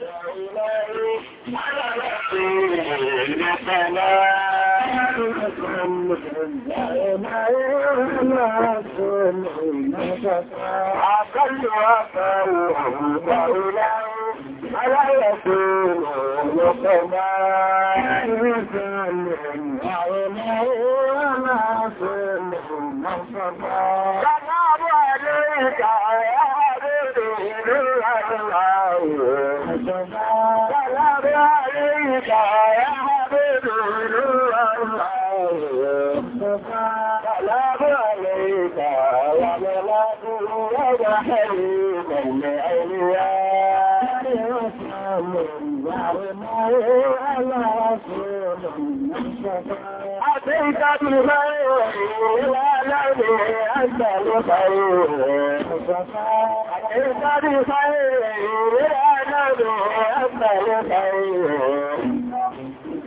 Kàbọ̀ àlẹ́ ìkàrẹ́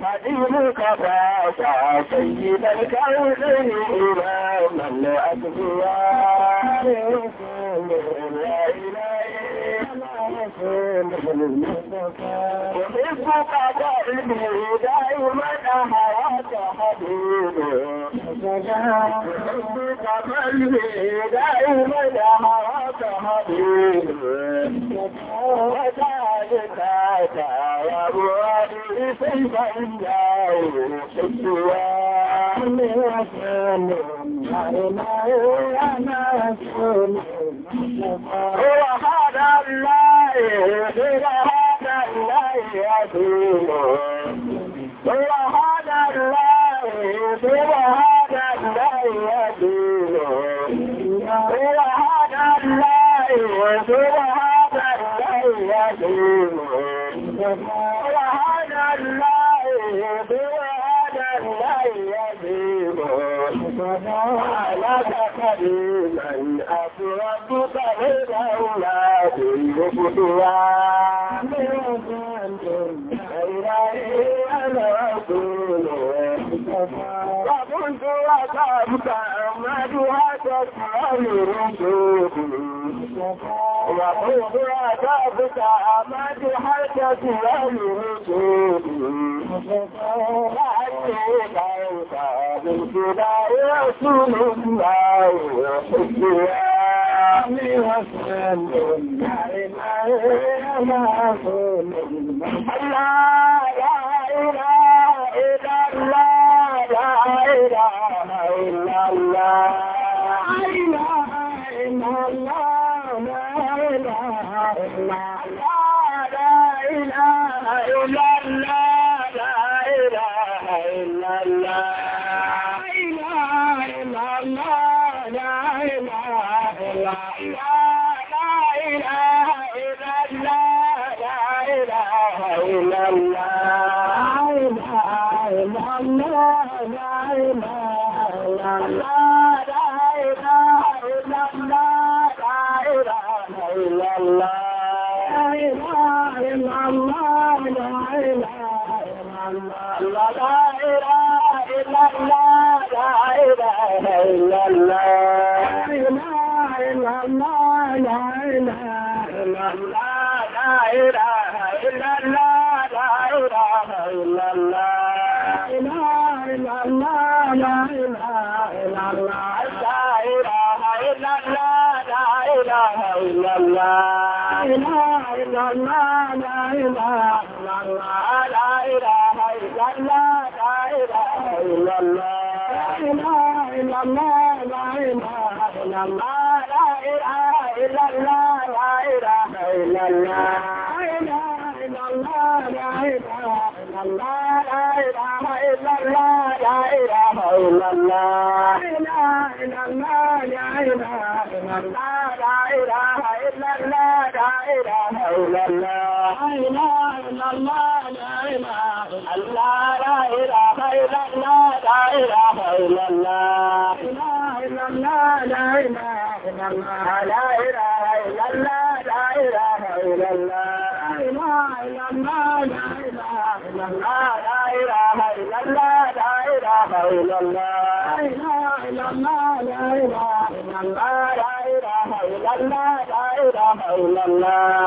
حبيبك فاقع سيد الكون إمام الأدبياء وحبك دائما دائما أهواك حبيب وحبك قلبي دائما أهواك حبيب وذلك يا روحي سيف إنجاه حسوان وسلم على ما هو هذا الله غير هذا الله عظيم غير هذا الله غير هذا الله عظيم غير هذا الله غير هذا الله عظيم غير هذا الله غير هذا الله عظيم ولك قريبا أفرقك غير الله torí gbogbo tó wá. Bàbúndú wá sáàbùkà ọmọdú wá tọ́kù ọlùrún gbogbo. Bàbúndú wá sáàbùkà ọmọdú wá tọ́kù ọlùrún gbogbo. Láàrín ìgbà ìgbà ìgbà ìgbà ìgbà ìgbà Allah إله إلا الله لا إله إلا الله لا إله إلا الله لا إله إلا الله لا إله إلا الله لا إله إلا الله لا إله إلا الله لا إله إلا الله لا إله إلا الله لا إله إلا الله لا إله إلا الله لا إله إلا الله إلا الله لا إله إلا الله لا إله إلا الله لا إله إلا الله لا إله إلا الله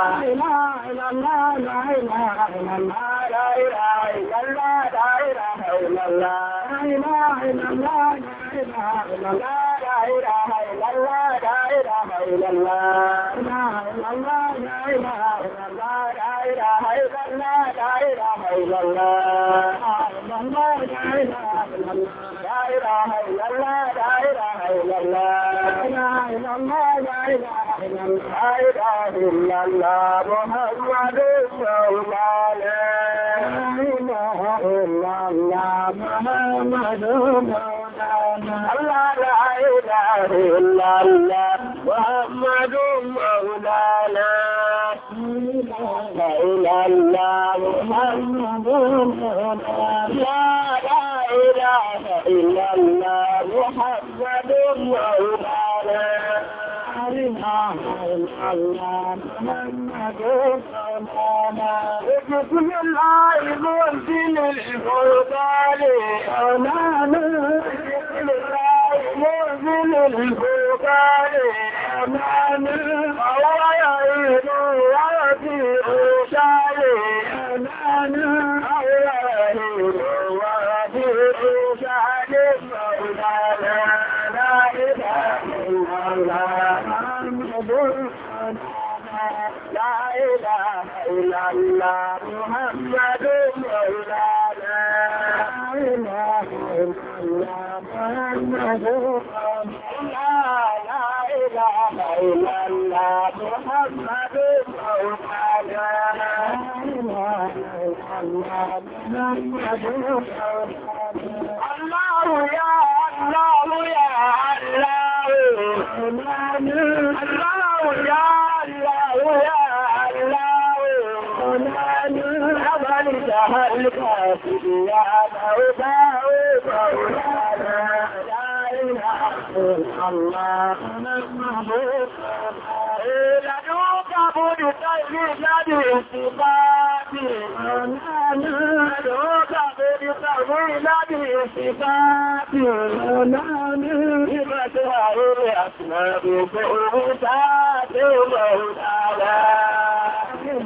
حسب الله منزل الفرقان أنا منزل الله منزل الفرقان أنا هو يعين وفي عشان أنا هو يعين وفي عشان مولانا لا إله إلا الله محمد لا إله إلا الله محمد مولانا لا إله إلا الله محمد مولانا لا إله إلا الله محمد مولانا لا إله إلا الله محمد مولانا الله يا الله يا الله أفلح الكافرون مولانا لا إله إلا الله نحمده لنوك بنتين لبالصفات لنوك بنتين لبالصفات لنوك بنتين لأسماء بقربتات مولانا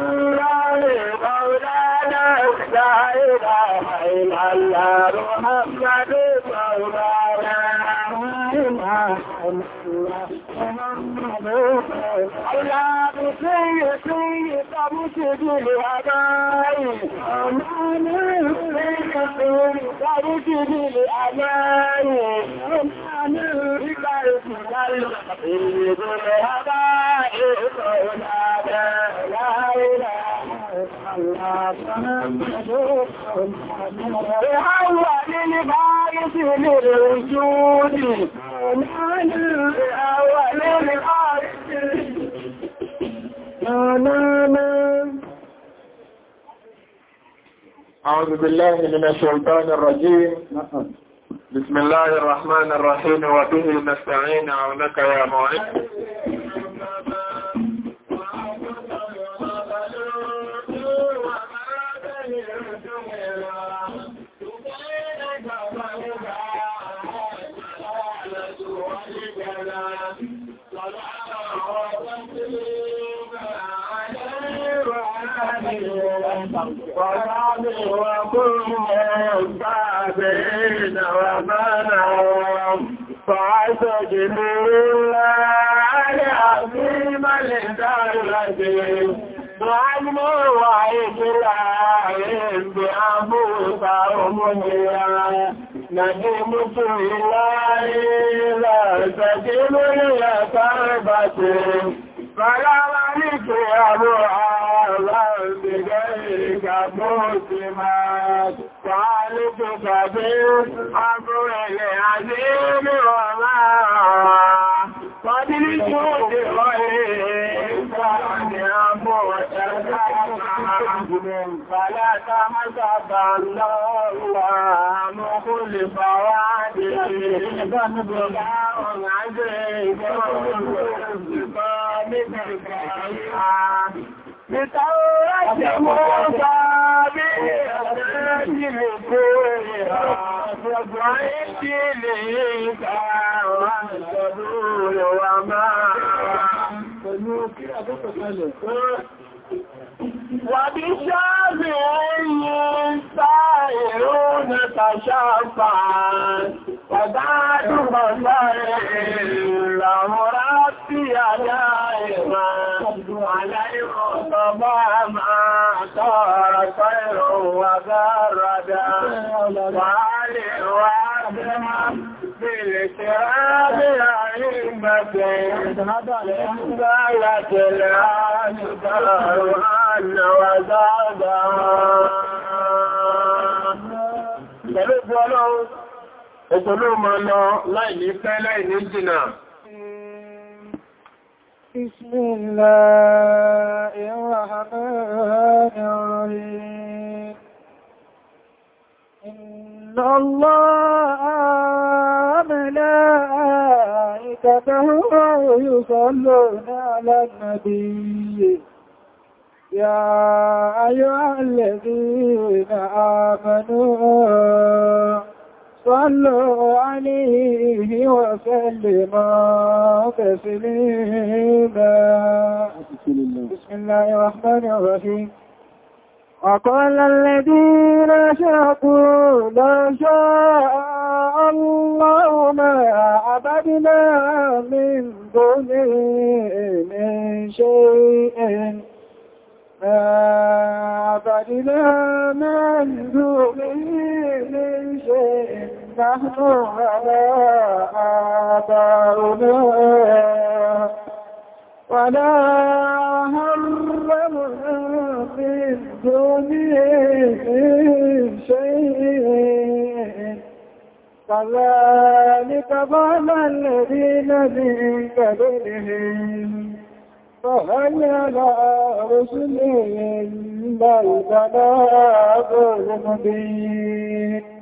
الله مولانا لا إله إلا الله محمد مولانا ما أولاد سيد سيد أبو سبيل أبائي أمان سيد سيد أبو سبيل أبائي أمان ربائي سلال سيد الأبائي قول أبائي لا إله إلا الله محمد رسول الله المسلم الوجود من الأول الآخر أعوذ بالله من الشيطان الرجيم بسم الله الرحمن الرحيم وبه نستعين عونك يا معين كلهم بعدين ومنعهم فاعتجبوا الله عظيم لدولته وعلم وإسلام بأبوكهم هي ندمت إلهي لا تجب لي كربتي Fàyára ní kí àrò ààrà ìgbẹ̀ ìgbàgbó ti máa tààlé tó tàbí agbóhẹ̀lẹ̀ àti ní ọ̀rá. Fàdílì tó dè rọ̀ èèyàn ìgbà ni àbò ẹ̀ká رسول فلا تحسب الله مخلف وعده بل بلاء عزيز بثورة موسى بأساس الكورة فضعت ليك والقبول وما Wàbí ṣáàbì oyin sáàrò ní tàṣàpá, ọ̀dá dùnmọ̀ sáàrẹ̀ ìlàmọ́ra sí àdá ìmá, aláìmọ̀ tọ́bá máa tọ́rọ pẹ́rọ wà gáradà, wà lè wà لسعاب عيبة زالت العالفة وأن وزعبا Pẹ̀lú ọlọ́run, òkúrò máa lọ láì ní fẹ́ láì ní jìnà. بسم الله الرحمن الرحيم الله ملائكته يصلون على النبي يا أيها الذين آمنوا صلوا عليه وسلموا تسليما بسم الله الرحمن الرحيم وقال الذين شركوا لو شاء الله ما عبدنا من دونه من شيء ما عبدنا من دونه من شيء نحن على آباؤنا ولا هرمنا دونه من شيء كذلك ظن الذين من قبلهم فهل على رسلهم بل بلاغ المبين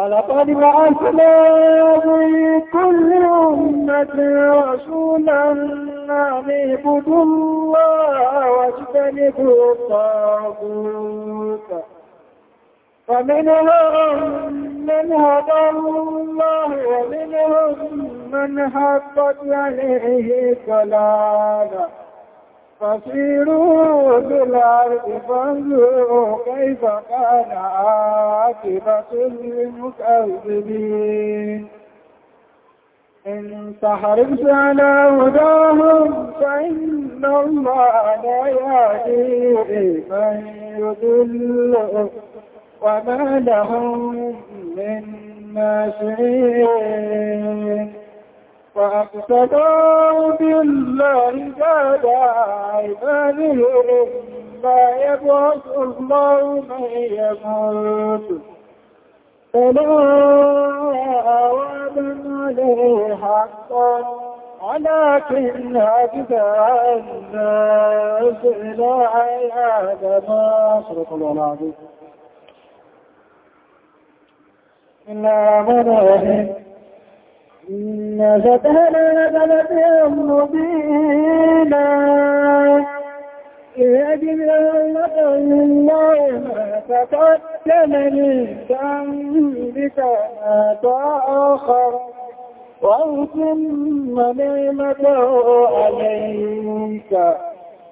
ولقد بعثنا في كل أمة رسولا أن اعبدوا الله واجتنبوا الطاغوت فمنهم من هدى الله ومنهم من حقت عليه ضلاله فسيروا في الأرض فانظروا كيف كان عاقبة المكذبين إن تحرمت على هداهم فإن الله لا يهدي من يضل وما لهم من ناشرين فأقتدوا بالله جاد عبادهم ما يبعث الله من يموت فلا أعواما عليه حقا ولكن أجدى الناس إلى عياد ما صدق الله العظيم إلا من رحمه إنا فتحنا لك مبينا يجب أن نقل الله ما تقدم من ذنبك ما تأخر وأتم نعمته عليك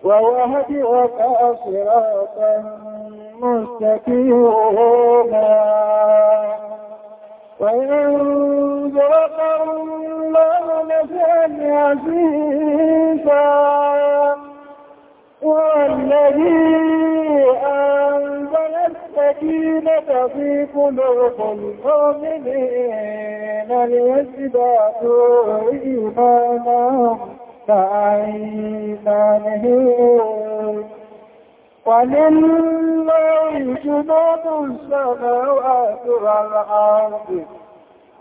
ووهدك صراطا مستقيما وإن ذرق الله لكان عزيزا والذي أنزل السكينة في قلوب المؤمنين ليزدادوا إيمانا فأيمانهم ولله جنود السماوات والأرض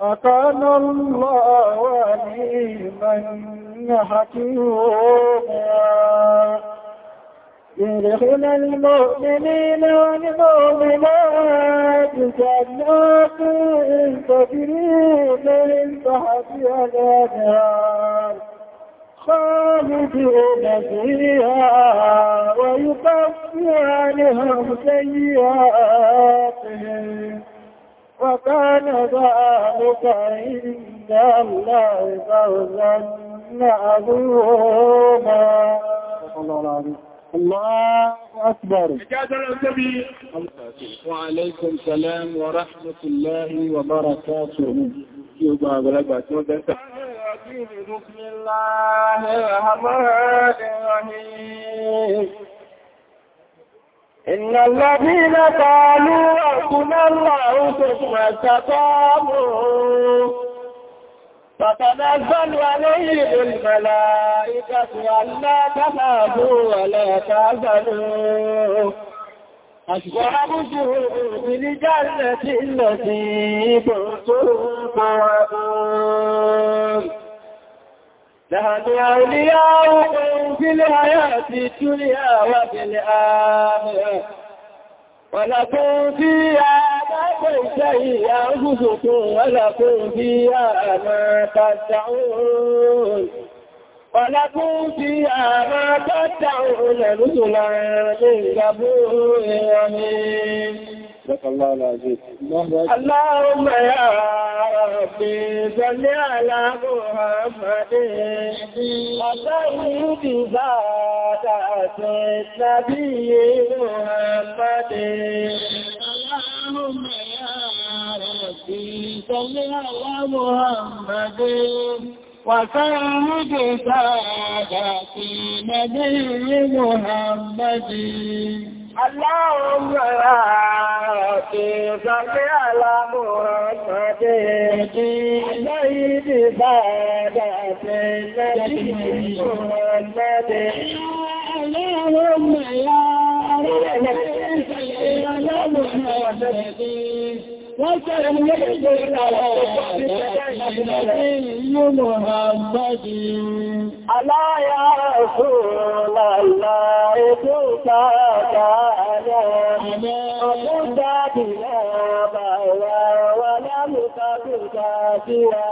وكان الله عليما حكيما يدخل المؤمنين والمؤمنات جنات تجري من تحتها الأنهار الأعصاب بأبصيها ويكفر عنهم سيئاتهم وكان ذلك عند الله فوزا عظيما الله أكبر وعليكم السلام ورحمة الله وبركاته يبقى بلغة الرجيم بسم الله الرحمن إن الذين قالوا ربنا الله ثم استقاموا فتنزل عليهم الملائكة ألا تخافوا ولا تحزنوا وعبده بالجنة التي كنتم تعبون لهم أولياؤكم في الحياة الدنيا وفي الآخرة ولكم فيها ما تشتهي أنفسكم ولكم فيها ما تدعون ولكم فيها ما تدعون نزلا من كبور يمين الله العزيز اللهم يا ربي صل على محمد وسلم بذات النبي محمد اللهم يا ربي صل على محمد وسيد سادتي نبي محمد اللهم آتي صل على محمد سيد سادتي نبي محمد اللهم يا رب صل على محمد Aláyà ọ̀ṣùn àlà ètò ìtàkà àyà ọ̀pọ̀dá dìlẹ̀ bàwà wà lámùta kùta sí wa.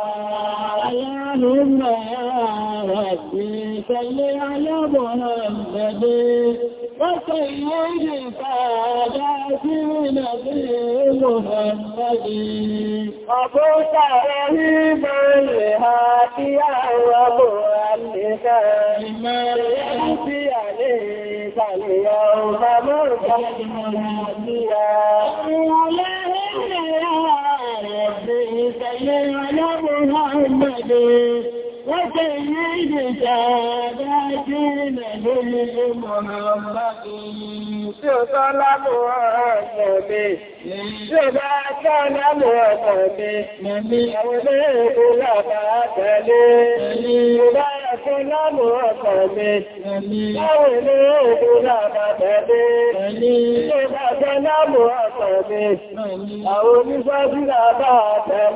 Aláyà ọ̀ṣùn àlà ètò ìtàkà àyà وسيد ساداتنا في محمد أبو تهيب الهاتيا ومؤلفا لما يأتي عليك اليوم مرتديا اللهم يا ربي سيدنا محمد وتجيد ساداتين للمهمتين سلطان مؤمن سلطان مؤمن من أولئك لفتلين سلطان مؤمن من أولئك لفتلين سلطان مؤمن من أولئك لفتلين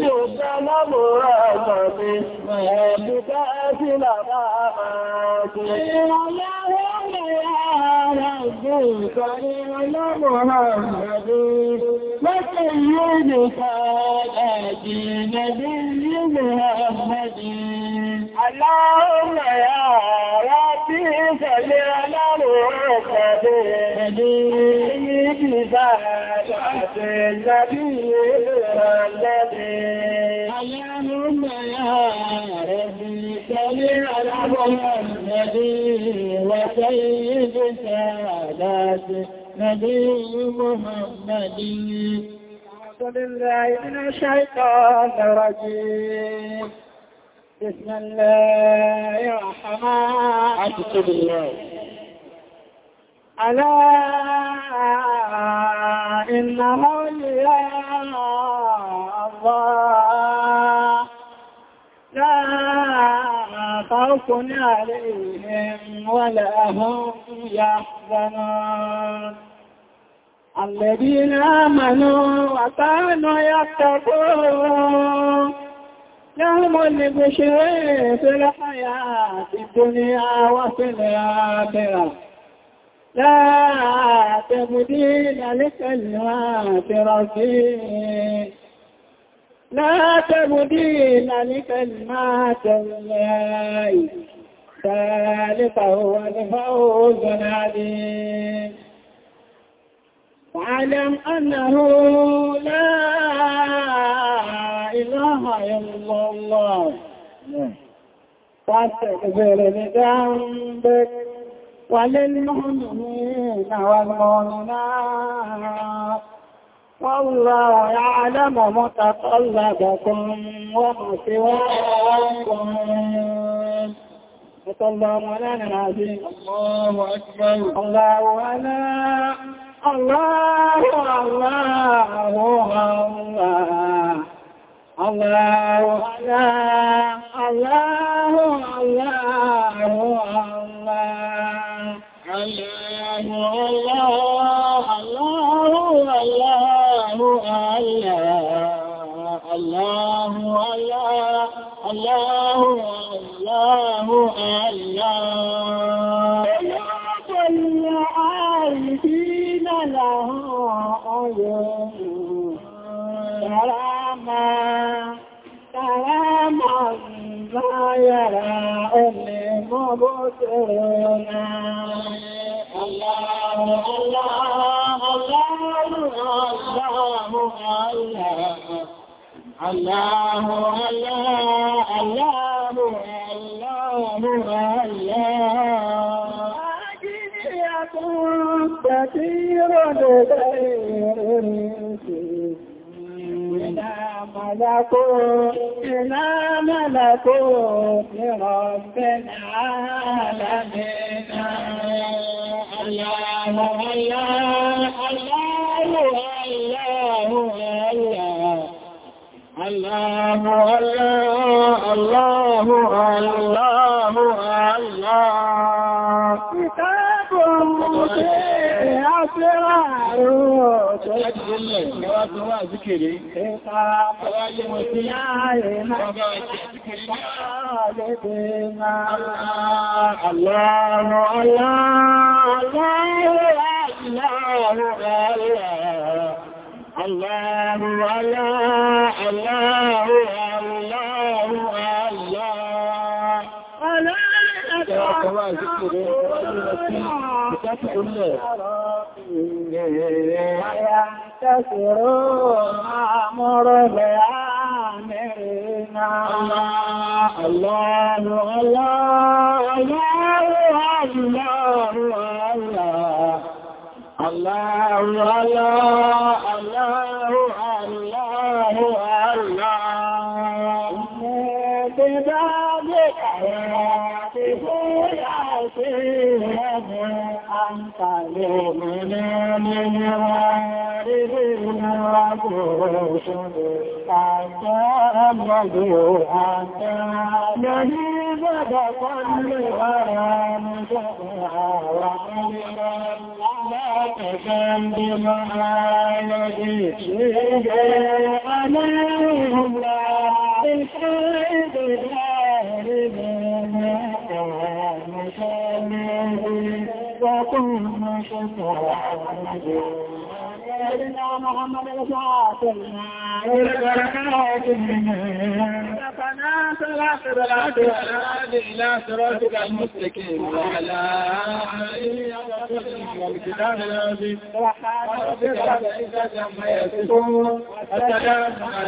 سلطان مؤمن Ẹ̀lú bá ẹ́ sí làbá àmà àti ìrànlẹ́wọ́ ربك إلى محمد وسيد سادات نبي محمد اللهم يا ربي صل على محمد سيد سادات النبي محمد اللهم يا ربي صل على محمد وسيد سادات آلاف نبي محمد أعوذ بالله من الشيطان الرجيم بسم الله الرحمن أكتب الله ألا إنه أولياء الله لا خوف عليهم ولا هم يحزنون الذين آمنوا وكانوا يتقون لهم البشر في الحياة الدنيا وفي الآخرة لا تبديل لكلمات ربي لا تبديل لكلمات الله ذلك هو الفوز العظيم واعلم أنه لا إله إلا الله واستغفر لذنبك وللمؤمنين والمؤمنات والله يعلم متقلبكم ومسواكم وصلى مولانا العظيم الله أكبر الله أنا الله الله الله الله أنا الله الله الله الله الله الله الله الله الله الله بشرنا الله الله الله الله الله الله الله كثير لغير ملكوت إلى ملكوت ربنا لدينا الله الله الله الله الله الله الله الله كتاب مطيع أسرار تجل وأتوا ذكري كتاب مطيع أسرار Ìyẹ̀rẹ̀ ayá tẹ́sìrò máa mọ́rọ̀ bẹ̀yà. أمرنا الله الله الله الله الله الله الله الله الله أنت لمنا من غيره الرجوش حتى أبدو حتى نهيب بطل غرام شبها وحبا لا تكن بمعالج شيئا عليهم لا تشعر إلى على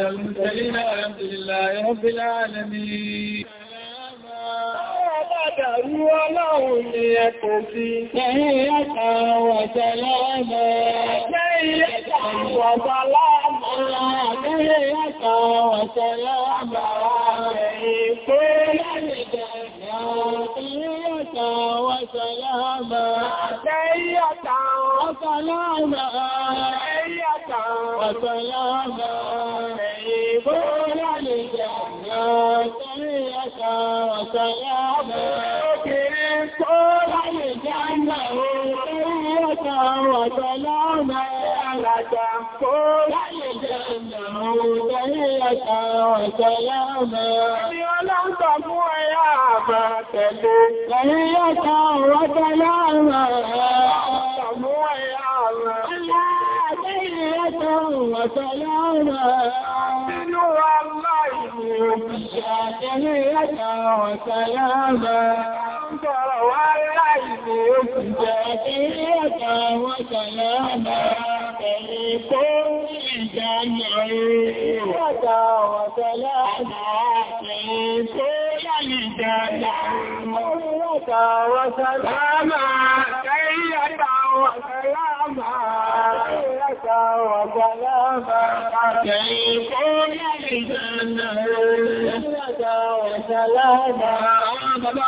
المرسلين والحمد لله رب العالمين dàrú ọlọ́run ni ẹ̀kọ́ sí. Lẹ́yìn ìyẹ́ta wọ̀tẹ̀ lọ́wọ́ Lẹ́yìn ìyẹ́ta wọ̀tẹ̀ lọ́wọ́ Lẹ́yìn ìyẹ́ta wọ̀tẹ̀ lọ́wọ́ Lẹ́yìn ìpé lẹ́yìn ìjẹ̀ Lẹ́yìn ìyẹ́ta wọ̀tẹ̀ lọ́wọ́ Lẹ́yìn ìyẹ́ta wọ̀tẹ̀ lọ́wọ́ Lẹ́yìn ìyẹ́ta wọ̀tẹ̀ lọ́wọ́ Lẹ́yìn ìpé lẹ́yìn ìjẹ̀ وسلاما لك قول الجنة تهية وسلاما ولم تقوى يا فاتل تهية وسلاما تقوى يا تهية وسلاما والله تهية وسلاما sọ̀rọ̀ wá láì ní oṣù jẹ́ ilé ọ̀tà wọn sọ̀rọ̀ ọmọ ẹ̀rí kó ìjà yẹ̀rẹ̀ ọ̀tà wọn sọ̀rọ̀ ọmọ ẹ̀rí kó ìjà yẹ̀rẹ̀ ọ̀tà wọn sọ̀rọ̀ ọmọ ẹ̀rí ọ̀tà wọn sọ̀rọ̀ ọmọ ẹ̀rí kó ìjà yẹ̀rẹ̀ ọ̀tà wọn sọ̀rọ̀ ọmọ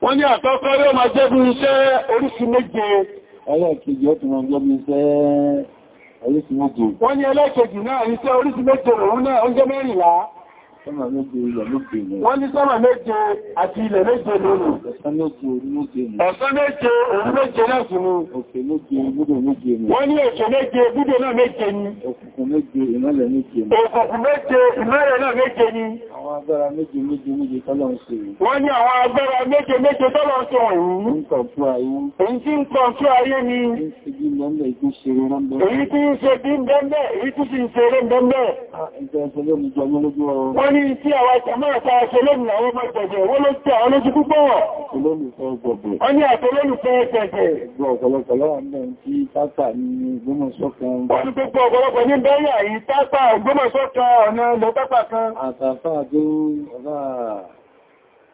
wọ́n ní àkọ́kọ́ yóò máa jẹ́ bí iṣẹ́ oríṣi méje ẹlẹ́ẹ̀kejì ó ti máa jẹ́ bí iṣẹ́ oríṣi méje wọ́n ní ẹlẹ́ẹ̀kejì náà iṣẹ́ oríṣi méje òun náà ó mẹ́rìnlá Wọ́n ní sọ́mà méje àti ilẹ̀ méje lónìí. Ọ̀sán méje òun méje náà fún un. Òkè méje gúdò méje ni. Wọ́n ní òkè méje gúdò náà méje ni. Òkùnkùn méje ìmọ́lẹ̀ méje ni. Òkùnkùn méje ìmọ́lẹ̀ náà méje ni. Àwọn agbára méje méje méje tọ́lọ̀ ń ṣe. Wọ́n ní àwọn agbára méje méje tọ́lọ̀ ń ṣe wọ̀nyí. Ń kọ̀ fún ayé. Èyí tí ń kọ̀ fún ayé ni. Èyí tí ń ṣe bí ń bẹ́ẹ̀ ní tí àwọn ọmọ ìtẹ̀jẹ̀ wọ́n ló tẹ́ àwọn olójú púpọ̀ wọ́n ní àtọlólùfẹ́ ẹ̀tẹ̀jẹ̀ ọ̀pọ̀lọpọ̀ lọ́wọ́ ní tí tápà ní gbọ́mọ̀sọ́kan wọ́n ní púpọ̀ ọ̀pọ̀lọpọ̀ ní bẹ́yà yìí tápà gbọ́mọ̀sọ́kan ọ̀nà lọ tápà kan àtàfà tó ọ̀rá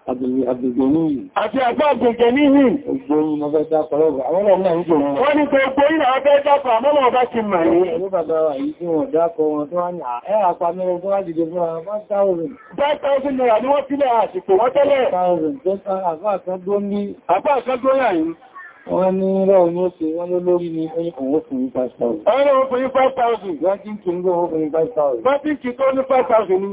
Àti àpá àgbègbè níhì. Ògbòyìn mo fẹ́ dápa ọgbà, àwọn ọmọ náà wọn. Wọ́n ni pé ògbòyìn àwọn fẹ́ dápa, àmọ́nà ọba ti mọ̀ ní. Ẹ̀rọ bàbá wà yìí tí wọ́n dápa wọn tó wá ní àẹ́ àpá mẹ́rin tó wá dìde fún àwọn 5,000. 5,000 wọ́n ní. lọ́wọ́ ní ó ṣe wọ́n ló lórí ní ọwọ́ fún ní 5,000. Ọ̀rọ̀ òfin 5,000. Wọ́n tí ń kí ń gbọ́ òfin 5,000. Wọ́n tí ń kí tó ní 5,000 ni.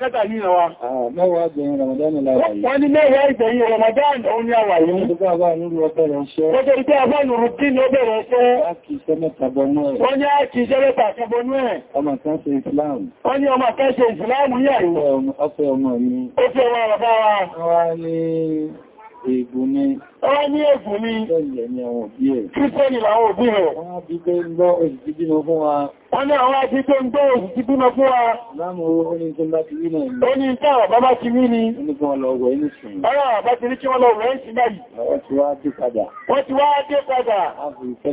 kátà yìí rọwà. Ah, mẹ́wàá gbẹ̀yìn Ramadan lára yìí. Wọ́n ní mẹ́wàá ìgbẹ̀yìn Ramadan òun ni àwà yìí. Wọ́n tó bá bá nínú ọbẹ̀ rẹ̀ ṣẹ́. Wọ́n tó rí pé àbá nù rú kí ni ó bẹ̀rẹ̀ ṣẹ́. Wọ́n kì í ṣẹ́ mẹ́ta bọnú ẹ̀. Wọ́n ní á kì í ṣẹ́ mẹ́ta bọnú ẹ̀. Ọmọ kan ṣe Ìsìláàmù. Wọ́n ní ọmọ kan ṣe Ìsìláàmù yà yìí. Ọfẹ́ ọmọ mi. Ó fẹ́ ọmọ rẹ̀ bá wa. Wọ́n ní Ègbò ni. Wọ́n ní ègbò ni. Bẹ́ẹ̀lẹ̀ ni àwọn òbí ẹ̀. Kírísẹ́nì làwọn òbí rẹ̀. Wọ́n á bí pé ń gbọ́ òṣì tí bímọ fún wa. Wọ́n ní àwọn àti pé ń gbọ́ òṣì tí bímọ fún wa. Láàmù ó ní tó bá ti wí náà. Ó ní ìta bàbá ti wí ni. Ó ní kí wọ́n lọ wẹ̀ ní sùn. Ọ̀rọ̀ bá ti rí kí wọ́n lọ wẹ̀ sí báyìí. Wọ́n ti wá dé padà. Wọ́n ti wá dé padà. A fi ìfẹ́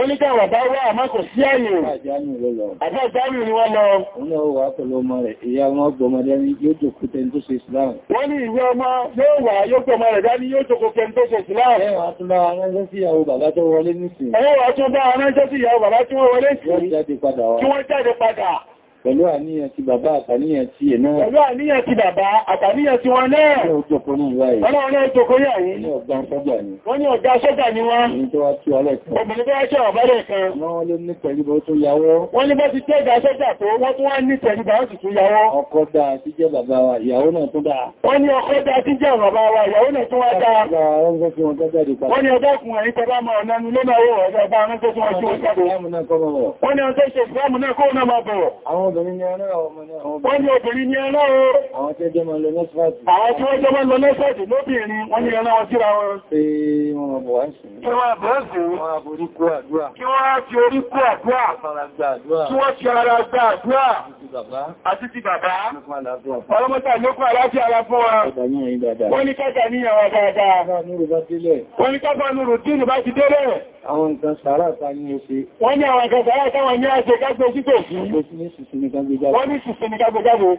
Oníkàwà bá wá àmá kò sí àyè. Àbá ìjánù ni wọ́n lọ. Wọ́n lọ wà pẹ̀lú ọmọ rẹ̀, ìyá wọn gbọmọdé ní yóò jòkó tẹni tó ṣe Islam. Wọ́n ní ìwé ọmọ yóò wà yóò gbọmọ rẹ̀ dání yóò jòkó tẹni tó ṣe Islam. Ẹwà tún bá aránjẹ́ sí ìyàwó bàbá tó wọlé nísìn. Ẹwà tún bá aránjẹ́ sí ìyàwó bàbá tí wọ́n wọlé sí. Wọ́n jáde padà wá. Kí wọ́n jáde padà pẹ̀lú àníyàn ti bàbá àtàníyàn ti ẹ̀nà pẹ̀lú àníyàn ti ti wọn náà ọlọ́run ẹjọ́kọ́ yà yìí wọ́n ní ọ̀gá sọ́jà ni wọ́n obìnrin tó wá tí ọ̀bálẹ̀ kan wọ́n ló ní pẹ̀lúbọ̀ tó yàwó wọ́n ní bá ti tẹ́ ìgbà sọ́jà tó wọ́n tún wá ní pẹ̀lúbà ó sì tún yàwó ọkọ dáa tí jẹ́ bàbá wa ìyàwó náà tún dáa wọ́n ní ọkọ dáa tí jẹ́ bàbá wa ìyàwó náà tún wá dáa wọ́n ní ọjọ́ ọkùnrin tọba ma ọ̀nà ní lọ́nà owó ọ̀gá bá rán tó tún wá sí ó sábò wọ́n ní ọjọ́ obìnrin ni ẹ̀rọ ọmọ náà. Wọ́n ní obìnrin ni ẹ̀rọ ọ̀rọ̀. Àwọn tí ó jẹ́ máa lọ lọ́sọ́ọ̀tì. Àwọn tí ó jẹ́ máa lọ lọ́sọ́ọ̀tì lóbìnrin wọ́n ní ẹ̀rọ wọn síra wọn. Ṣé wọ́n mọ̀ bọ̀ wá sí? Kí wọ́n bọ̀ sí? Wọ́n á borí kú àdúrà. Kí wọ́n á fi orí kú àdúrà. Kí wọ́n fi ara gbá àdúrà. Àti ti bàbá. Ọlọ́mọ́ta ló kú aláfíà ara fún wa. Wọ́n ní àwọn dáadáa. Wọ́n ní kájà ní àwọn ní kágbéjáde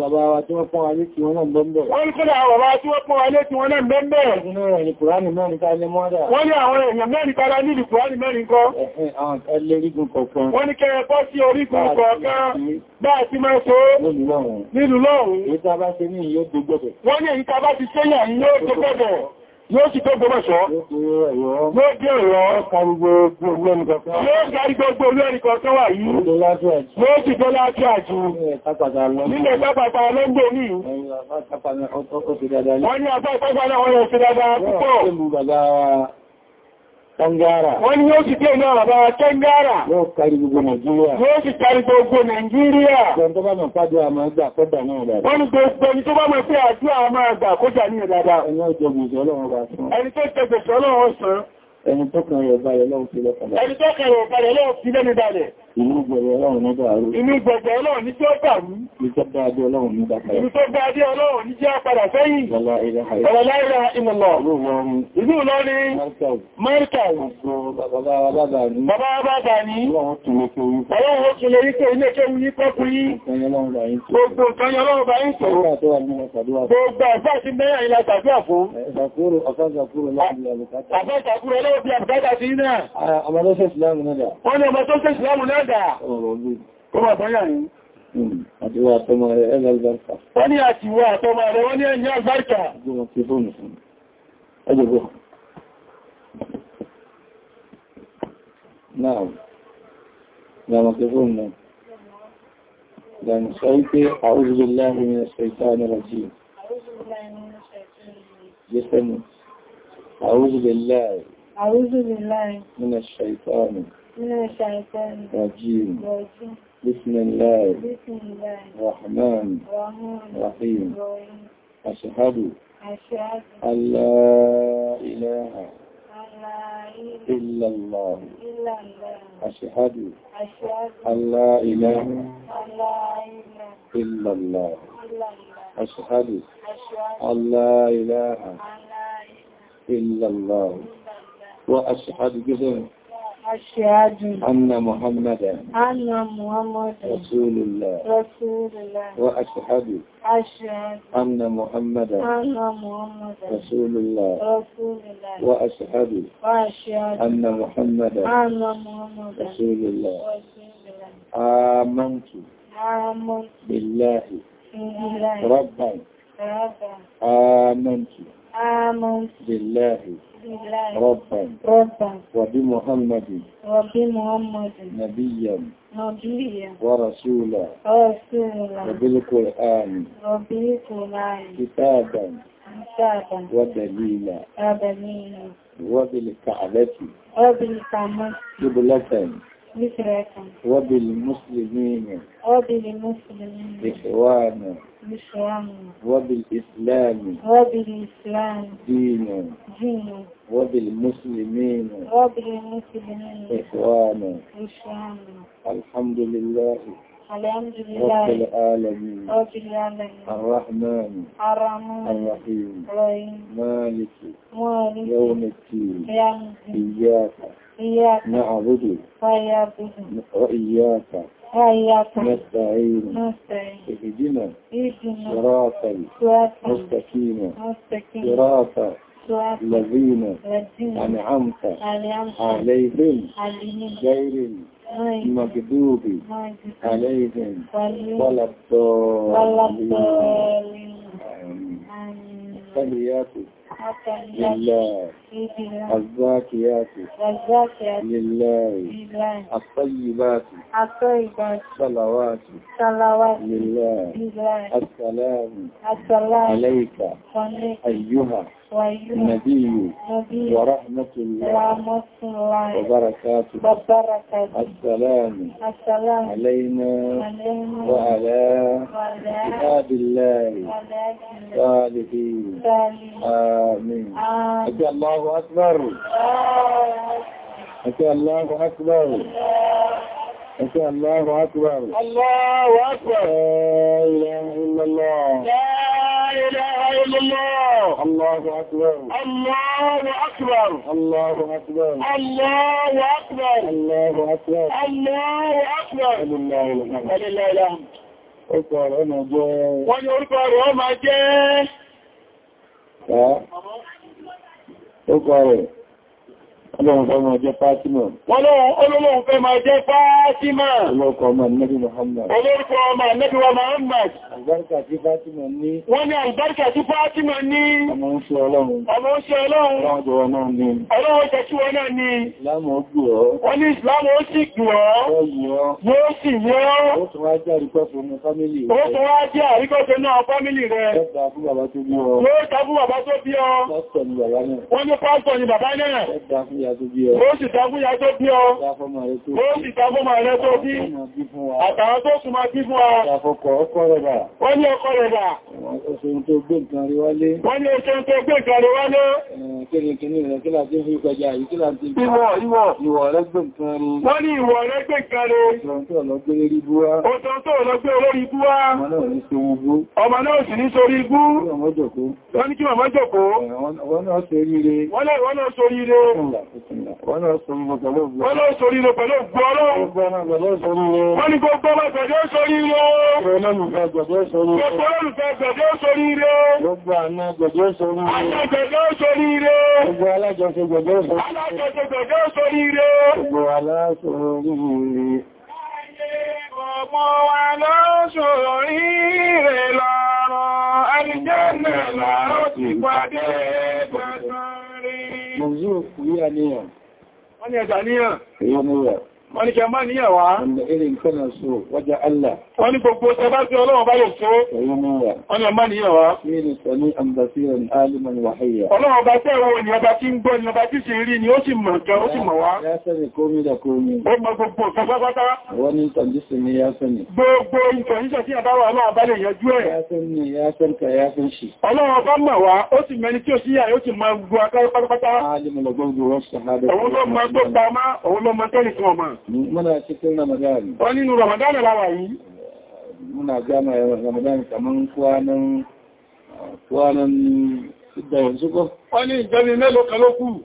bàbá wa tí wọ́n fún wa létí wọn náà bẹ́m̀bẹ̀. Wọ́n ní kódà àwọn bàbá tí wọ́n fún wa létí wọn náà bẹ́m̀bẹ̀. ni Kùránì mẹ́rin ká lé mọ́dà. Wọ́n ní àwọn èèyàn mẹ́rin ká lá nílùú Kùránì mẹ́rin kọ́. Àwọn ẹlẹ́rígun kọ̀ọ̀kan. Wọ́n ní kẹrẹ pọ́ sí orígun kọ̀ọ̀kan bá àti máa so nílùú lọ́run yóò ti tó gbogbo ṣọ́ yóò dé ọ̀rọ̀ ọkàrí gbogbo ẹnìkọ̀ọ́kọ́ tó wà yìí yóò ti tó láti àjú nílẹ̀ pápápá ọlọ́gbò ní wọ́n ni àpá ìpápá náà wọ́n yóò fi dáadáa púpọ̀ Kangara. Wọ́n ni yóò sì tẹ́ iná bàbá wa Kangara. Yóò kárí gbogbo Nàìjíríà. Yóò sì kárí gbogbo Nàìjíríà. Gbọ́n tó bá mọ̀ pàdé àmà àgbà kọjà ní ìdàdà. Wọ́n ni gbogbo ẹni tó bá mọ̀ pé àdúrà àmà àgbà kọjà ní ìdàdà. Ẹni tó tẹ gbèsè ọlọ́run Ẹni tó kan yọ balẹ̀ lọ́wọ́ fi lẹ́nu balẹ̀. Inú gbẹ̀rẹ̀ ọlọ́run ní dàrú. Inú gbẹ̀rẹ̀ ọlọ́run ní bá adé Ìlú tó bá adé ọlọ́run ní jẹ́ padà sẹ́yìn. Lọ́lá ìlà ìmọ̀lọ̀. Ìlú Ìlọrin. Márkàù. Bàbá bàbá ní. Ọlọ́run tún lè kí orí. Ọlọ́run ó tún lè rí pé ilé kéwú yí pọ́kùnrin. Gbogbo ìtọ́yọ ọlọ́run bá ń sọ̀rọ̀. Gbogbo àfáà ti mẹ́rin ìlà ọlọ́wọ́ ah, Ọmọ tó ṣe ìsìlámù náà dà. Wọ́n ọmọ tó ṣe ìsìlámù náà dà. Ọmọ àbáyà yìí. Hmm, àtiwà àtọmọ rẹ̀ ẹ̀lẹ́ àlùbáríkà. Wọ́n ni àtiwà àtọmọ rẹ̀ wọ́n ni ẹ̀yìn àlùbáríkà. Ọjọ́ ti fóònù fún. Ọjọ́ bọ́. Náà, ìgbàmọ̀ ti náà. Ìgbàmọ̀ sọ wípé àwọn òṣèlú láàrin ẹ̀ṣẹ̀ ìta أعوذ بالله من الشيطان من الشيطان الرجيم بسم الله بسم الله الرحمن الرحيم أشهد أشهد أن لا إله إلا الله أشهد أن لا إله إلا الله أشهد أن لا إله إلا الله وأشهد به أشهد أن محمدا أن محمدا رسول الله رسول الله وأشهد أشهد أن محمدا أن محمدا رسول الله رسول الله وأشهد وأشهد أن محمدا أن محمدا رسول الله آمنت آمنت بالله ربا آمنت آمنت بالله ربا ربا وبمحمد وبمحمد نبيا نبيا ورسولا ورسولا وبالقرآن وبالقرآن كتابا كتابا ودليلا ودليلا وبالكعبة وبالكعبة قبلة وبالمسلمين وبالمسلمين إخوانا وبالإسلام وبالإسلام دينا وبالمسلمين وبالمسلمين إخوانا الحمد لله الحمد لله رب العالمين رب العالمين الرحمن الرحمن الرحيم الرحيم مالك مالك يوم الدين إياك إياك نعبد وإياك وإياك وإياك نستعين نستعين اهدنا صراطا مستقيما صراطا الذين أنعمت عليهم غير المكذوب عليهم ولا الضالين التحيات لله الزاكيات لله الطيبات صلوات لله السلام عليك أيها النبي ورحمة الله وبركاته السلام علينا وعلى كتاب الله الصالحين آمين أتى الله أكبر أتى الله أكبر أشهد الله أكبر الله أكبر لا إله إلا الله لا إله إلا الله الله أكبر الله أكبر الله أكبر الله أكبر الله أكبر الله أكبر لله الحمد لله الحمد Orúkọ rẹ̀ ọmọ jẹ́ wọ́n ni orúkọ rẹ̀ ọmọ jẹ́ ẹ́ ọkọ̀ rẹ̀ Ọlọ́run fẹ́ máa jẹ́ Fátímà. Ọlọ́run fẹ́ máa jẹ́ Fátímà. Olórúkọ ọmọ Nẹ́bí Muhammad. Olórúkọ ọmọ Nẹ́bí wa Muhammad. Àlùbáríkà tí Fátímà ní. Wọ́n ní àlùbáríkà tí Fátímà ní. Ọmọ ń ṣe Ọlọ́run. Ọmọ ń ṣe Ọlọ́run. Ọlọ́run jẹ́ wọn náà ní. Ọlọ́run jẹ́ kí wọn náà ní. Ìsìlámù ó gbù ọ́. Wọ́n ní Ìsìlámù ó sì gbù ọ́. Yóò sì yẹ́ ọ́. Ó tún wá jẹ́ àríkọ́sọ̀ ní fámílì rẹ̀. Ó tún wá jẹ́ àríkọ́sọ̀ náà fámílì rẹ̀. Yóò tà fún bàbá tó bí ọ. Wọ́n ní pásítọ̀ ni bàbá náà tó bí ọ. Ó sì tàbúyà tó bí ọ. Ó sì tàbúmà rẹ tó bí. Àtàwọn tó súnmà bí fún wa. Àfọkọ̀ ọkọ̀ rẹ̀ bà. Wọ́n ní ọkọ̀ rẹ̀ bà. Oṣèun tó gbé nǹkan rí wálé. Wọ́n ní oṣèun tó gbé nǹkan rí wálé. Kíni kíni rẹ̀ kí láti fi kọjá yìí kí láti fi ìwọ̀ ìwọ̀ ìwọ̀ rẹ̀ gbé nǹkan rí. Wọ́n ní ìwọ̀ rẹ̀ gbé nǹkan rí. Oṣèun tó lọ gbé lórí búwá. Oṣèun tó lọ gbé olórí búwá. Ọmọ náà sì ní sórí ibú. Wọ́n ní kí màmá jòkó. Wọ́n náà sórí ire. Wọ́n náà sórí ire. Wọ́n ló sọ ríro pẹ̀lú ògbò ọlọ́run. Wọ́n ni gbogbo ọmọ gbẹ̀dẹ́ sórí ro. Gbogbo olùfẹ́ gbẹ̀dẹ́ sórí ro. Gbogbo àna gbẹ̀dẹ́ sórí ro. Àna gbẹ̀dẹ́ sórí ro. Gbogbo alájọsẹ gbẹ̀dẹ́ sórí ro. Gbogbo aláṣọ orí Ọmọ wa lọ́ṣòrò rí rẹ̀ lọ́rọ̀, àìjẹ́ náà lọ́rọ̀ ti pàdé ẹgbẹ̀sán mọ̀mí yóò àníyàn. wọ́n ni ẹgbà níyàn. èyí ni rẹ̀ wọ́n ni kẹ máa níyàwó wọ́n ni gbogbo ṣẹbá sí ọlọ́run bá yóò tó wọ́n ni ọmọ níyàwó ọlọ́run bá tẹ́ ẹ̀wọ́ ni ọba tí ń gbọ́ ni ọba tí sì rí ni ó sì mọ̀ jọ ó sì mọ̀ wá ó mọ gbogbo ṣọpápátá wọ́n ni tàbísì ni yá sẹ́ni gbogbo ìtọ̀yíṣẹ́ sí àbáwọ̀ ọlọ́run bá lè yanjú ẹ̀ ọlọ́run bá mọ̀ wá ó sì mẹ́ni tí ó sí yà ó sì mọ gbogbo akẹ́rẹ́ pátápátá muna cikin ramadan wani nu ramadan lawa yi muna gama ramadan kaman kwanan kwanan da yanzu ko wani jami melo kaloku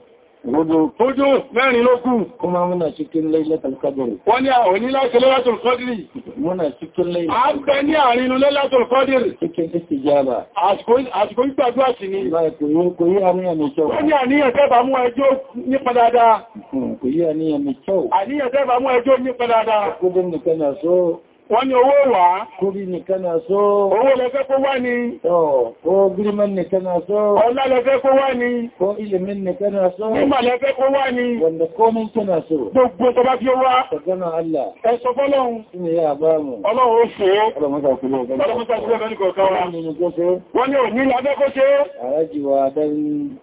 Gbogbo tójú mẹ́rin ló kú. Ó máa múnà síkín Laylatul Qadr. Wọ́n ní àwọn ní láti Laylatul Qadr. Múnà síkín Laylatul Qadr. A bẹ ní àárín inú Laylatul Qadr. Síkín istijaba. Àsìkò ìgbàdúrà sí ni. Kò yí àníyàn mi tọ́. Ó ní àníyàn tẹ́bà mú ẹjọ́ ní padàdà. Hmm, kò yí àníyàn mi tọ́. Àníyàn tẹ́bà mú ẹjọ́ ní padàdà. Kó wọ́n ní owó wà kórí nìkan náà só owó lẹ́fẹ́ kó wá ní kó gírímẹ́ nìkan náà só ọlá lẹ́fẹ́ kó wá ní kó ilẹ̀mẹ́ nìkan náà só mímọ̀ lẹ́fẹ́ kó wá ní wọ̀nà kó mú kí náà só gbogbo tó fi wá ọ̀gánà Allah ẹ̀sọ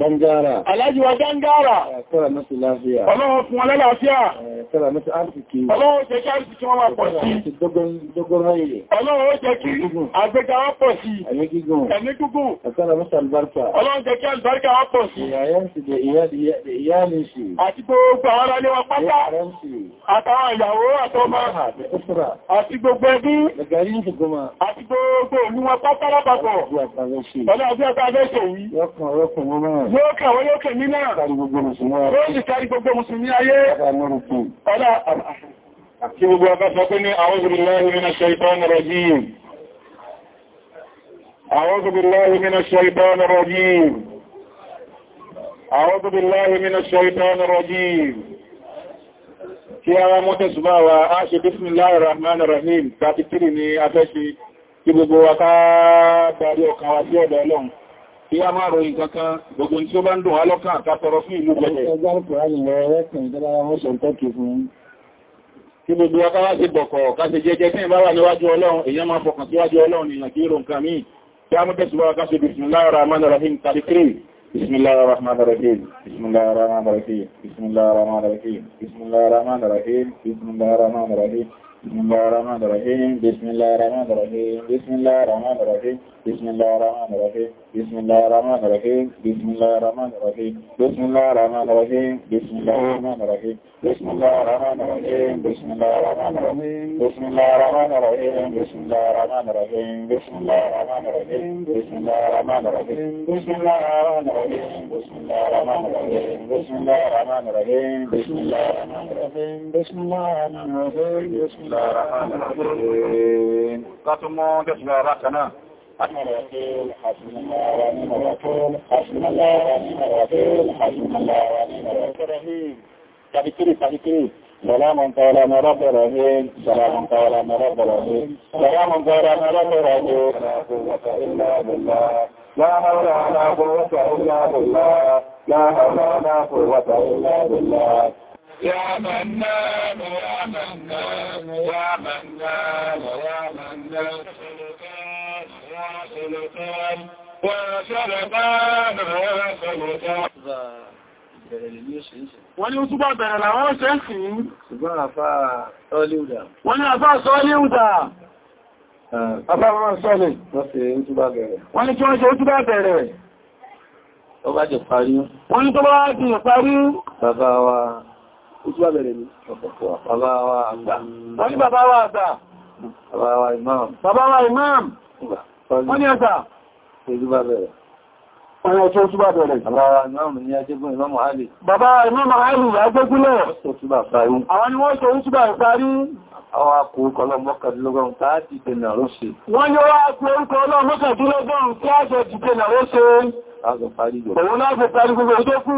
Gangara. Aláàjì wa Gangara. Ẹ̀kọ́ra mẹ́sù láfíà. Ọlọ́run fún alálàáfíà. Ẹ̀kọ́ra mẹ́sù áfìkì. Ọlọ́run jẹ́ kí áfìkì wọ́n máa pọ̀ sí. Dógóró ilẹ̀. Ọlọ́run jẹ́ kí àgbẹ́gbẹ́ wọ́n pọ̀ sí. Ẹ̀mí gígùn. Ẹ̀mí gígùn. Ẹ̀kọ́ra mẹ́sù albarka. Ọlọ́run jẹ́ kí albarka wọ́n pọ̀ sí. Ìyáyẹ́nsì Àti gbogbo àwọn aráalé wa pátá. Àtàwọn ìyàwó àtọmọ. Àti gbogbo ẹbí. Àti gbogbo òlú wọn pátá lápapọ̀. Ọlọ́run bí ọ̀tá fẹ́ ṣe yìí. Yọ́kùn ọ̀rọ̀kùn wọn náà yóòkà wọ́n yóòkà ní náà ó sì kárí gbogbo musulmi ayé ọlá àti gbogbo agbáfà pé ní a'udhu billahi minash shaitanir rajim a'udhu billahi minash shaitanir rajim a'udhu billahi minash shaitanir rajim kí ara mọ́tẹ̀sùmá wa á ṣe bismillahir rahmanir rahim 33 ni afẹ́ ṣe kí gbogbo wa ká darí ọkàn wa sí ọ̀dọ̀ ọlọ́run kí a máa ròyìn kankan gbogbo tí ó bá ń dùn alọ́kàn àkàtọrọ fún ìlú pẹ̀lẹ̀. Kí gbogbo akáwá ti bọ̀kọ̀ káṣe jẹ́jẹ́ tí ìbá wà níwájú Ọlọ́run, èyàn máa fọkàn síwájú Ọlọ́run ni ìyàn kí ìrò nǹkan míì. Kí a mú tẹ́sùwá káṣe bismillahir rahmanir rahim tàbí kírì. Bismillahir rahmanir rahim, bismillahir rahmanir rahim, bismillahir rahmanir rahim, bismillahir rahmanir rahim, bismillahir rahmanir rahim, bismillahir rahmanir rahim, bismillahir rahmanir rahim, bismillahir rahmanir rahim. بسم الله الرحمن الرحيم بسم الله الرحمن الرحيم بسم الله الرحمن الرحيم بسم الله الرحمن الرحيم بسم الله الرحمن الرحيم بسم الله الرحمن الرحيم بسم الله الرحمن الرحيم بسم الله الرحمن الرحيم بسم الله الرحمن الرحيم بسم الله الرحمن الرحيم بسم الله الرحمن الرحيم بسم الله الرحمن الرحيم بسم الله الرحمن الرحيم بسم الله الرحمن الرحيم بسم الله الرحمن الرحيم بسم الله الرحمن الرحيم بسم الله الرحمن الرحيم قد مو دسبارك انا حسن الله ونعم الوكيل حسن الله ونعم سلام طال مرض رحيم سلام طال مرض رحيم سلام طال مرض رحيم لا قوة إلا بالله لا حول ولا قوة إلا بالله لا حول ولا قوة إلا بالله يا منان يا منان يا منان يا منان Wọ́n ní ó túbọ̀ bẹ̀rẹ̀ làwọn ṣe ń sìn. Ṣùgbọ́n Wọ́n ní àfá Sọ́líúdà. Ah, àfá máa sọ́lẹ̀. Wọ́n ṣe Wọ́n ní wọ́n ṣe ó bẹ̀rẹ̀. Ó jẹ parí. Wọ́n ní tó bá jẹ parí. Bàbá wa. Ó túbọ̀ bẹ̀rẹ̀ ni. Bàbá wa wọ́n ní ọ̀sà Ọ̀nà ọ̀tọ́ túbà bẹ̀rẹ̀. Bàbá ìmáàmù ní ajégún ìmáàmù Àlì. Bàbá ìmáàmù Àlì rà gbégúnlẹ̀. Àwọn ni wọ́n ṣe òṣùbà ìparí. Àwọn akò orúkọ ọlọ́mọ́kàdínlọ́gọ́rùn-ún tá ti tẹ̀nà ó ṣe. Wọ́n yóò wá akò orúkọ ọlọ́mọ́kàdínlọ́gọ́rùn-ún tí a jọ ti tẹ̀nà ó ṣe. Òun náà fi parí gbogbo tó kù.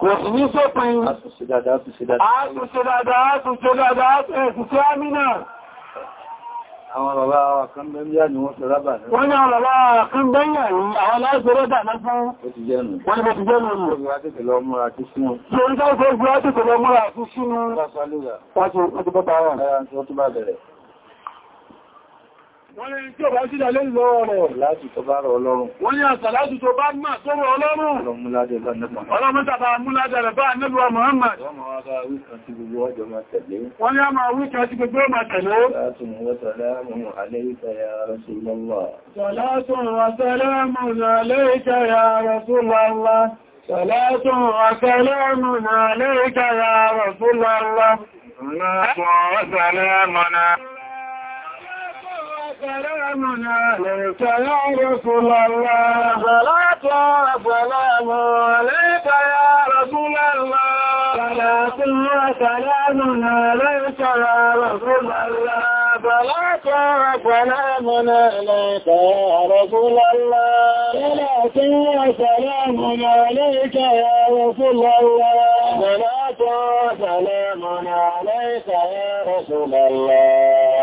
Kò sí ní sópin. A tún ṣe dáadáa, a tún ṣe dáadáa, a tún ṣe dáadáa, a tún ṣe dáadáa, a tún ṣe ámì náà. Àwọn bàbá kan bẹ́yà ni wọ́n sọ rábà náà. Wọ́n ní àwọn bàbá kan bẹ́yà ni àwọn aláìsọ rọ́bà náà fún. Ó ti jẹ́nu. Wọ́n ni mo ti jẹ́nu ọmọ. Ó ti wá tètè lọ múra tí sínú. Wọ́n ní tí ó bá sílẹ̀ lé ọlọ́run. Wọ́n ní àṣà láti tó bá máa tó rọ ọlọ́run. Ọlọ́múládẹ̀ bá nípa. Ọlọ́múládẹ̀ bá múládẹ̀ rẹ̀ bá nílùú Muhammad. Wọ́n ní a máa wí kan sí gbogbo ọmọ tẹ̀lé. Salátun wa salamun alayka ya Rasulallah. Salátun wa salamun سلام عليك يا رسول الله صلاة وسلام عليك يا رسول الله صلاة وسلام عليك يا رسول الله صلاة وسلام عليك يا رسول الله صلاة وسلام عليك يا رسول الله صلاة وسلام عليك يا رسول الله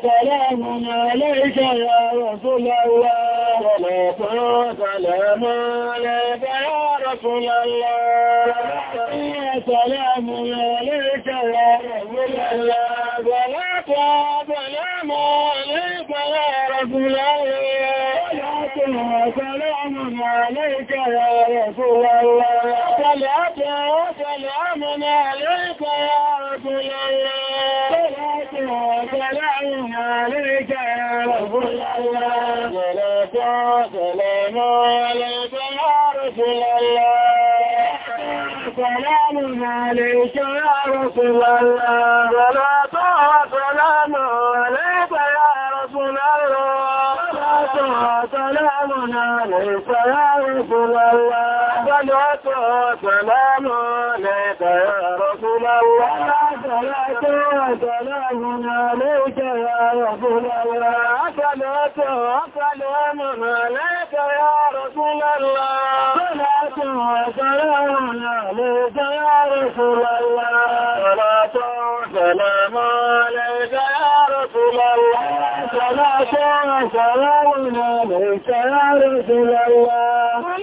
سلام عليك يا رسول الله ولا سلام عليك يا رسول الله سلام عليك يا رسول الله ولا سلام عليك يا رسول الله سلام عليك يا رسول الله صلاة وسلام عليك يا رسول الله الرجال الله صلاة سلام عليك يا رسول الله سلام عليك يا رسول الله صلاة سلام عليك يا رسول الله صلاة سلام عليك يا رسول الله صلاة سلام عليك يا رسول الله صلاة وسلام عليك يا رسول الله صلاة وسلام عليك يا رسول الله صلاة وسلام عليك يا رسول الله صلاة وسلام عليك يا رسول الله صلاة وسلام عليك يا رسول الله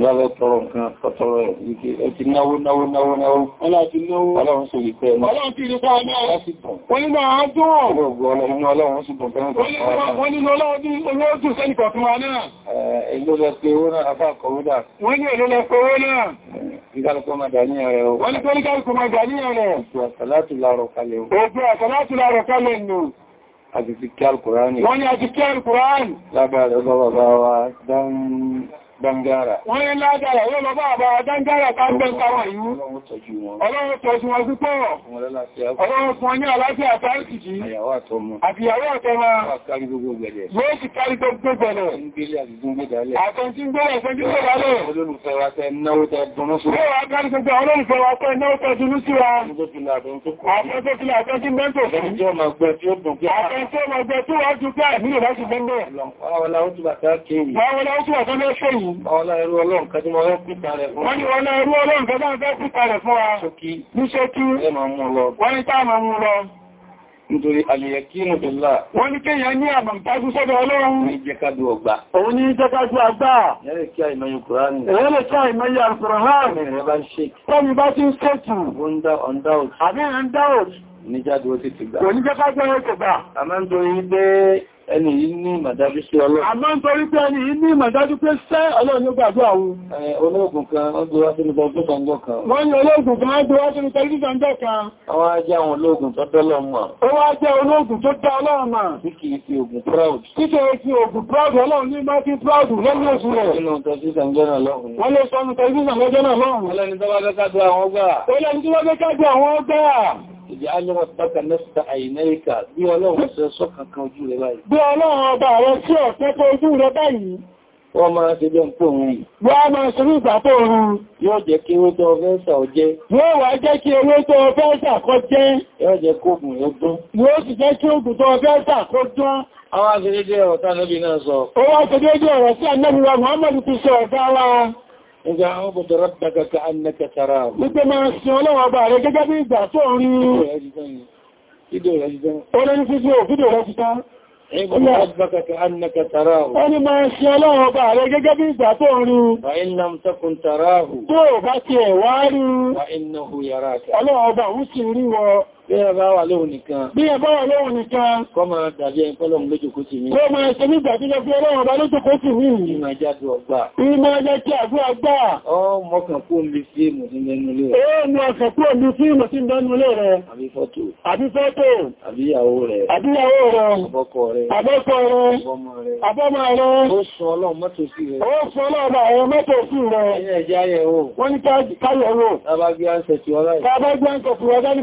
yàwó tọrọ nǹkan tọtọrọ ẹ̀ wípé ẹ ti náwó náwó náwó náwó aláti náwó aláwọn sí ìpẹ́ ẹ̀mọ́ aláti rí pàá náà lásìtàn wọ́n nínú àádọ́ ọgbọ̀gbọ̀ ọlọ́run aláwọn sí ìpọ̀fẹ́ wọ́n nínú ọlọ́run ní owó tó sẹ́nìkọ̀ fún wa náà èlò lọ pé owó náà afá kọ̀wọ́dà wọ́n ní èlò lọ pé owó náà Ìgbàlùkọ́ máa dà ní ẹ̀rẹ̀ o. Wọ́n ní tó ní kálùkọ́ máa dà ní ẹ̀rẹ̀. Ògbò àtàlátù lárọ̀ kalẹ̀ o. Ògbò àtàlátù lárọ̀ kalẹ̀ nù. Àti ti kí alùkùránì. Wọ́n ní àti kí alùkùránì. Lábàrẹ̀ bàbá wa dán Dangara. Wọ́n ní lágbàrà, wọ́n lọ bá àbá Dangara kágbẹ́ káwà yìí. Ọlọ́run tọ́jú wọn. Ọlọ́run tọ́jú wọn púpọ̀. Ọlọ́run fún ní àlàáfíà àtàríkì jí. Àyàwó àtọmọ. Àbíyàwó àtọmọ. Yóò sì kárí gbogbo gbẹ̀lẹ̀. Yóò sì kárí gbogbo gbẹ̀lẹ̀. Ìgbélé àti gbogbo dálẹ̀. Àtọ́jú gbọ́rọ̀ Yóò wá kárí gbogbo olólùfẹ́ wa tẹ́ náwó tẹ́ ah! dúnú kí á. Àtọ́jú láwọ́ tí bàtà kéyìí. Báwọn ọlá ẹrú ọlọ́run kan tí wọ́n lọ pípa rẹ̀ fún wa. Wọ́n ní ọlá ẹrú ọlọ́run kan tí wọ́n fẹ́ pípa rẹ̀ fún wa. Ṣókí. Ní ṣókí. Ẹ máa mú lọ. Wọ́n ní táà máa mú lọ nítorí alìyàkínù bílá. Wọ́n ní kéyà ní àbàmtájú sọ́dọ̀ ọlọ́run. Ní jẹ́kádù ọgbà. Òun ní jẹ́kádù ọgbà. Yẹ́rẹ̀ kí àìmọye Kùránì. Yẹ́rẹ̀ kí àìmọye Alkùránì. Rẹ̀ bá ń ṣe. Tọ́mi bá ti ń ṣẹ́tù. Ó ń ẹni yìí ní ìmọ̀dájú sí ọlọ́run. àmọ́ ń torí pé ẹni yìí ní ìmọ̀dájú pé sẹ́ ọlọ́run ló gbàgbọ́ àwọn olóògùn kan wọ́n gbé wá sínú tẹlifíṣàndọ́ kan. wọ́n ní olóògùn kan wọ́n gbé wá sínú kan. ọwọ́ ajá àwọn olóògùn tó dọ́lọ́ mọ̀. ọwọ́ ajá olóògùn tó dá ọlọ́run mọ̀. tí kìí tó bá fẹ́ kájú àwọn ọgbà. واجعل ربك نصف عينيك bí ọlọ́run ṣe sọ kankan ojú rẹ báyìí. bí ọlọ́run ọba rẹ sí ọ̀pẹ́pẹ́ ojú rẹ báyìí. wọ́n máa ṣe jẹ́ pò rú yìí. wọ́n máa ṣe ní ìgbà pò rú. yóò jẹ́ kí owó tó fẹ́ sà ọ jẹ́. yóò wá jẹ́ kí owó tó fẹ́ sà kọ́ jẹ́. yóò jẹ́ kí Ìgbà ọgbọ̀dọ̀ rọ́gbàgbà ka annaka tara. Wípé máa ṣe ọlọ́wọ́ bá rẹ̀ gẹ́gẹ́ bí ìgbà tó rí ìdò rẹ̀ jìdán. Ó lé ní fífí òfídò rẹ̀ jìdá. Ìgbà rọ́gbàgbà ka annaka tara. Ó ní máa ṣe ọlọ́wọ́ bá rẹ̀ gẹ́gẹ́ bí ìgbà tó rí. Fa in lam takun tarahu. Tó bá ti ẹ̀wá rí. Fa innahu yaraka. Ọlọ́wọ́ bá ń sì rí wọ Bí ẹ bá wà lóhun nìkan. Bí ẹ bá wà lóhun nìkan. Kọ́ máa dàbí ẹni mi. Kọ́ máa ṣe nígbà tí lọ fi ọlọ́run ọba lójòkó sí mi. Ìmọ̀ ẹjá tó ọgbà. Ìmọ̀ ẹjá tí àgbó ọgbà. Ọ mọ́kàn kú omi fíìmù sí mẹ́nulé rẹ̀. Ó mọ́kàn kú omi fíìmù sí mẹ́nulé rẹ̀. Àbí fọ́tò. Àbí fọ́tò. Àbí ìyàwó rẹ̀. Àbí ìyàwó rẹ̀. Àbọ́kọ rẹ̀. Àbọ́kọ rẹ̀. Àbọ́mọ rẹ̀. Ó sọ ọlọ́run mọ́tò sí rẹ̀. Ó sọ ọlọ́run àwọn mọ́tò sí rẹ̀. Ẹyẹ ẹ̀já yẹ̀ wò. Wọ́n ní káyẹ̀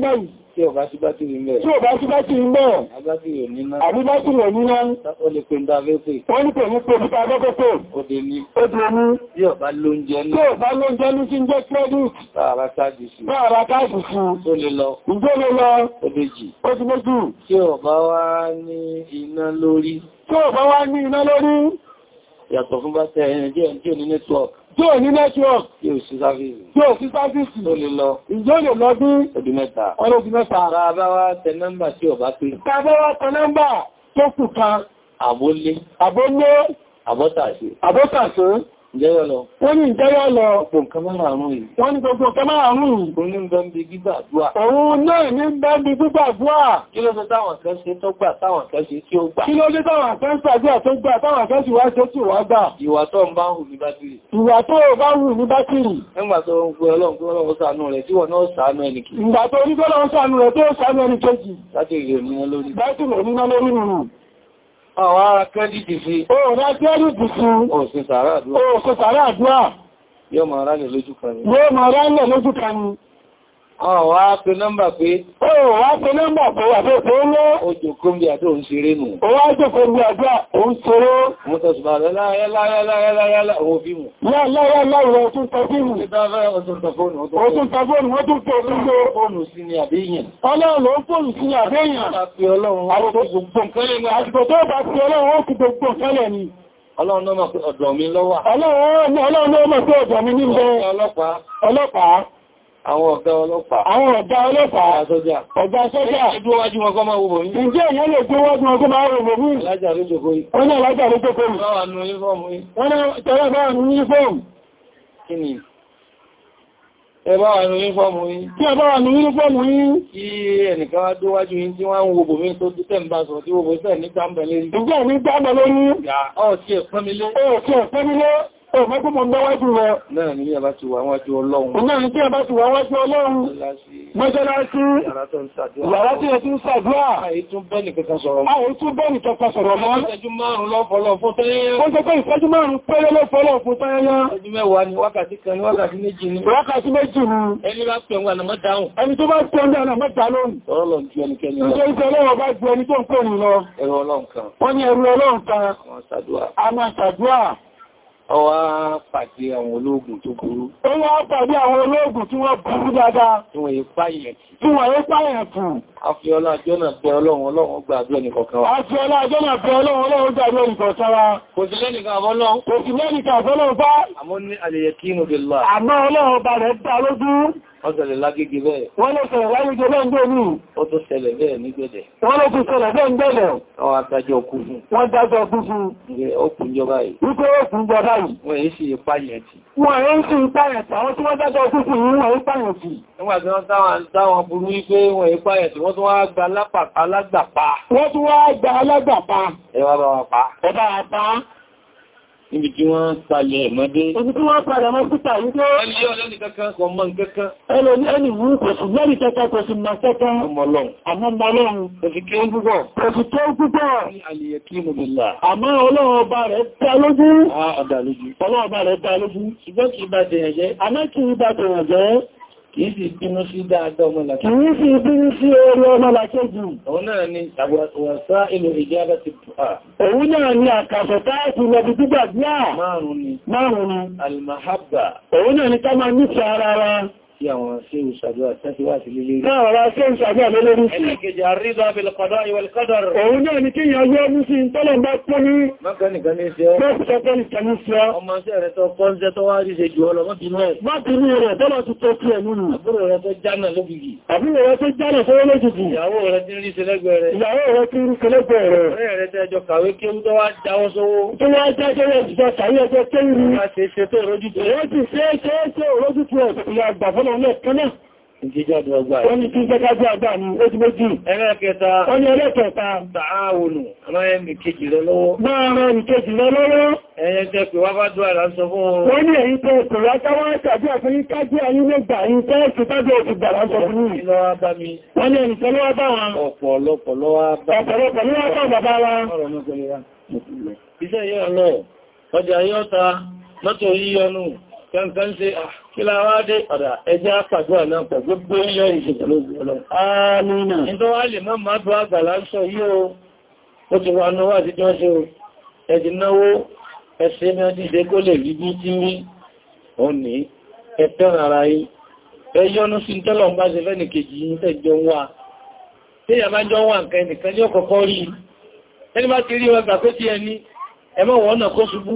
wò. Tí ọba sí bá tìrì mẹ́. Tí ọba sí bá tìrì mẹ́. Abájúrò níná. Àbúbájúrò níná. Ó lè pè ń dáfẹ́ pè. Wọ́n ní pè ní pè nípa abẹ́kọ́kọ́. Ó dé ní. Ó dé ní. Tí ọba ló ń jẹ́ ní. Tí ọba ló ń jẹ́ ní sí ń jẹ́ credit. Tààrà káàdì sí. Tààrà káàdì sí. Tó lè lọ. Ǹjẹ́ lè lọ. Ó dé jì. Ó ti méjì. Tí ọba wá ní iná lórí. Tí ọba wá ní iná lórí. Yàtọ̀ fún bá tẹ ẹ̀yìn jẹ́ ní network tí ò ní network yóò sí sáfíìsì tó lè lọ ìjọ́ lè lọ bí ọdún mẹ́ta ọlọ́dún mẹ́ta tàbáwá tẹ nọ́mbà tí ọba pé tàbáwá tẹ nọ́mbà tó kù kan àbólé àbólé àbọ́tàṣe Jẹ́yọ́ lọ. Wọ́n ní ìjẹ́yọ́ lọ. Gbogbo nǹkan mẹ́rin àrùn yìí. Wọ́n ní gbogbo nǹkan mẹ́rin àrùn yìí. Òun ní ń bẹ́ ń bí gbígbàdúà. Òun náà ní ń bẹ́ ń bí gbígbàdúà. Kí ló dé táwọn kan ṣe tó gbà táwọn kan ṣe tí ó gbà? Kí ló dé táwọn kan ṣàdúà tó gbà táwọn kan ṣe wá ṣe tí wá gbà? Ìwà tó ń bá hù ní bá àwọn ara kan dìde fi ọ̀rọ̀ ajẹ́rù bùkún òsìn sàárà àdúrà yóò máa ránlẹ̀ lójú kan ni Ọ̀wá pe nọ́mbà pé. Ọ̀wá pe nọ́mbà pé wà tó tó lọ. Ó jòkó bí àdó ń ṣeré nù. Ọwá jòkó bí àdó ń ṣeré. Mo sọ ṣùgbà láyáláyáláyáláyálá owó fíìmù. Láyáláyáláyá ó tún ta fíìmù. Ó tún ta fóònù, ó tún ta fóònù sí ni àbíyàn. Ọlọ́run ló fóònù sí ni àbíyàn. Àtìkò tó bá ti ọlọ́run ó kú gbogbo kẹ́lẹ̀ ni. Ọlọ́run náà mọ̀ pé ọ̀dọ̀ mi lọ́wà. Ọlọ́run náà mọ̀ pé ọ̀dọ̀ mi ní àwọn ọ̀gá ọlọ́pàá ọ̀gá sọ́jà ǹjẹ́ ìyẹn lè gbówájú wọn kọ́ máa wòbò alájà ló jòkó yìí wọ́n ní alájà ló uniform kí ni ẹ bá wà ní uniform yìí kí ẹ bá wà ní uniform yìí kí ẹnìkan wá dówájú yìí tí wọ́n ń wòbò mí tó dúkẹ́ ń bá sọ tí wòbò sẹ́ ní gbàmbẹ̀ lérí ọ̀mọ́kún mọ̀ gbá wájú rẹ̀. Náà ni a bá ti wà wájú Ọlọ́run. Náà ni tí a bá ti wà wájú Ọlọ́run. Mọ́ṣáláṣí, yàrá tí ẹ ti ń ṣàdúrà. Àì tún bẹ́ẹ̀ nìkan kan sọ̀rọ̀ mọ́. Àì tún bẹ́ẹ̀ nìkan kan sọ̀rọ̀ mọ́. Ìṣẹ́jú márùn-ún lọ́fọ́lọ́ fún tẹ́yẹ́. Ó ń sọ pé ìṣẹ́jú márùn-ún pẹ́lẹ́ lọ́fọ́lọ́ fún tẹ́yẹ́. Ìṣẹ́jú mẹ́wàá ni wákàtí kan ni wákàtí méjì ni. Wákàtí méjì ni. Ẹni bá pẹ̀ wọn àmọ́ dáhùn. Ẹni tó bá pẹ̀ wọn àmọ́ dáhùn. Ọlọ́run ju ẹnikẹ́ni lọ. Ìṣẹ́ ìṣẹ́ ọlọ́run bá ju ẹni tó ń pè ní lọ. Ẹ̀rọ ọlọ́run kan. Wọ́n ní ẹ̀rọ ọlọ́run kan. Àwọn ṣàdúrà. Àwọn ṣàdúrà ọwá pàdé àwọn ológun tó burú. ó wá pàdé àwọn ológun tí wọ́n burú dáadáa. tí wọ́n yí páyẹ̀ tí wọ́n yí páyẹ̀ fún. afiola jọ́nà bẹ ọlọ́run ọlọ́run gbàdúrà ẹnìkọ̀ọ̀kan wa. afiola jọ́nà bẹ ọlọ́run ọlọ́run gbàdúrà ẹnìkọ̀ọ̀kan wa. kò sí lẹ́nìkan àbọ́lọ́run. kò sí lẹ́nìkan àbọ́lọ́run bá. àmọ́ ní billah. àmọ́ ọlọ́run bá Ọ̀sẹ̀lẹ̀ lágége bẹ́ẹ̀. Wọ́n ló sọ̀rọ̀ lágége bẹ́ẹ̀ ń gbé ní. Ó tó ṣẹlẹ̀ bẹ́ẹ̀ ní gbẹ̀dẹ̀. Wọ́n ló tó ṣẹlẹ̀ bẹ́ẹ̀ ń gbẹ̀dẹ̀. Wọ́n adájọ́ ọkú Wọ́n dájọ́ ọkú fún. Ilé jọba yìí. Wípé ọkùn níbi tí wọ́n palẹ̀ ẹ̀mọ́dé. Ibi tí wọ́n palẹ̀ mọ́ síta yìí tó ẹlẹ́ ọlọ́ni kankan kọ mọ́ nkankan. Ẹlẹ́ni ẹni wú kò sí lẹ́rì kẹta kò sí mọ́ kẹta. Ọmọlọ́run. Àmọ́mọlọ́run. Kò sí kí ó púpọ̀. Kò sí kí ó kìí sì bínú sí dáadọ́ ọmọlàkejì. Kìí sì bínú sí orí ọmọlàkejì. Òun náà ni àwọ̀sá ìlú ìjábá ti pùpà. Ah. Òun náà ni àkàsọ̀ táàkì lọ́bí gbígbàgbà. Márùn-ún ni. Márùn-ún ni. Al-mahabba. Òun náà ni ká máa nífẹ̀ẹ́ ara wa tí àwọn ṣe ìṣàdúrà tẹ́ ti wá sí lélé rí. Náà rárá ṣe ìṣàdúrà lélé rí sí. Ẹlẹ́kejì àrídọ́ abìlọ̀kọ̀dọ́ ìwẹ̀lẹ̀kọ́dọ̀rọ̀. Òun náà ni kí ìyàn yọ mú sí tọ́lọ̀ bá pọ́ ní. Mọ́kànìkan ní ṣe ọ́. Mọ́kànìkan ní ṣe ọ́. Ọmọ ṣe rẹ̀ tọ́ kọ́ ń jẹ́ tọ́ wá rí ṣe jù ọlọ́mọ́ bínú ẹ̀. Má bínú rẹ̀ tọ́lọ̀ ti tọ́ kí ẹ̀ múnú. Àbúrò rẹ̀ tó jánà lógìgì. Àbúrò rẹ̀ tó jánà sọ́wọ́ lójìgì. Ìyàwó rẹ̀ ti rí ṣe lẹ́gbẹ̀ẹ́ rẹ̀. Ìyàwó rẹ̀ ti rí ṣe lẹ́gbẹ̀ẹ́ ọ̀nà mẹ́kan náà Ìjíjáde ọgbà ẹ̀. Ẹni tí jẹ́gájú àgbà ni ó ti méjì. Ẹlẹ́kẹta. Ọni ẹlẹ́kẹta. Tààwòlù. Ọmọ ẹni kejì lọ lọ́wọ́. Máa rọ ẹni kejì lọ lọ́wọ́. Ẹyẹ jẹ́ pé wá bá dúwà là ń sọ fún wọn. Wọ́n ní èyí tó kò rá káwọ́ tàbí àfihàn kájú àyí ló gbà yí tẹ́ ẹ̀sùn tábí òkú gbà lá sọ fún yìí. Wọ́n ní ẹni tẹ́lọ́ wá bá wọn. Ọ̀pọ̀lọpọ̀ ló wá bá. Ọ̀pọ̀lọpọ̀ ló wá bá bàbá wa. Iṣẹ́ yẹ́ ọ̀nà, ọjà yọ́ta, mọ́tò yíyọnù, kankan ṣe ah, kíláwá dé ọ̀dà ẹjẹ́ àpàdúwà náà pẹ̀ gbogbo ilẹ̀ ìṣẹ̀lẹ̀ ìṣẹ̀lẹ̀ àmìnà ìdọ́ wà lè mọ́ máa tó àgbàlá ń sọ yíò ó ti wà náà wà sí jọ́ ṣe ẹ̀dì náwó ẹ̀ṣẹ́ mẹ́rin ìdẹ́ kó lè rí bí tí rí òní ẹ̀tẹ́ ara yí ẹyọ́nú sí tọ́lọ̀ ń bá ṣe fẹ́ nìkejì yí tẹ́jọ wà tí ìyà bá jọ wà nǹkan nìkan ní ọkọ̀kọ́ rí ẹni bá ti rí wọn gbà tí ẹni ẹmọ́ wọn náà kó ṣubú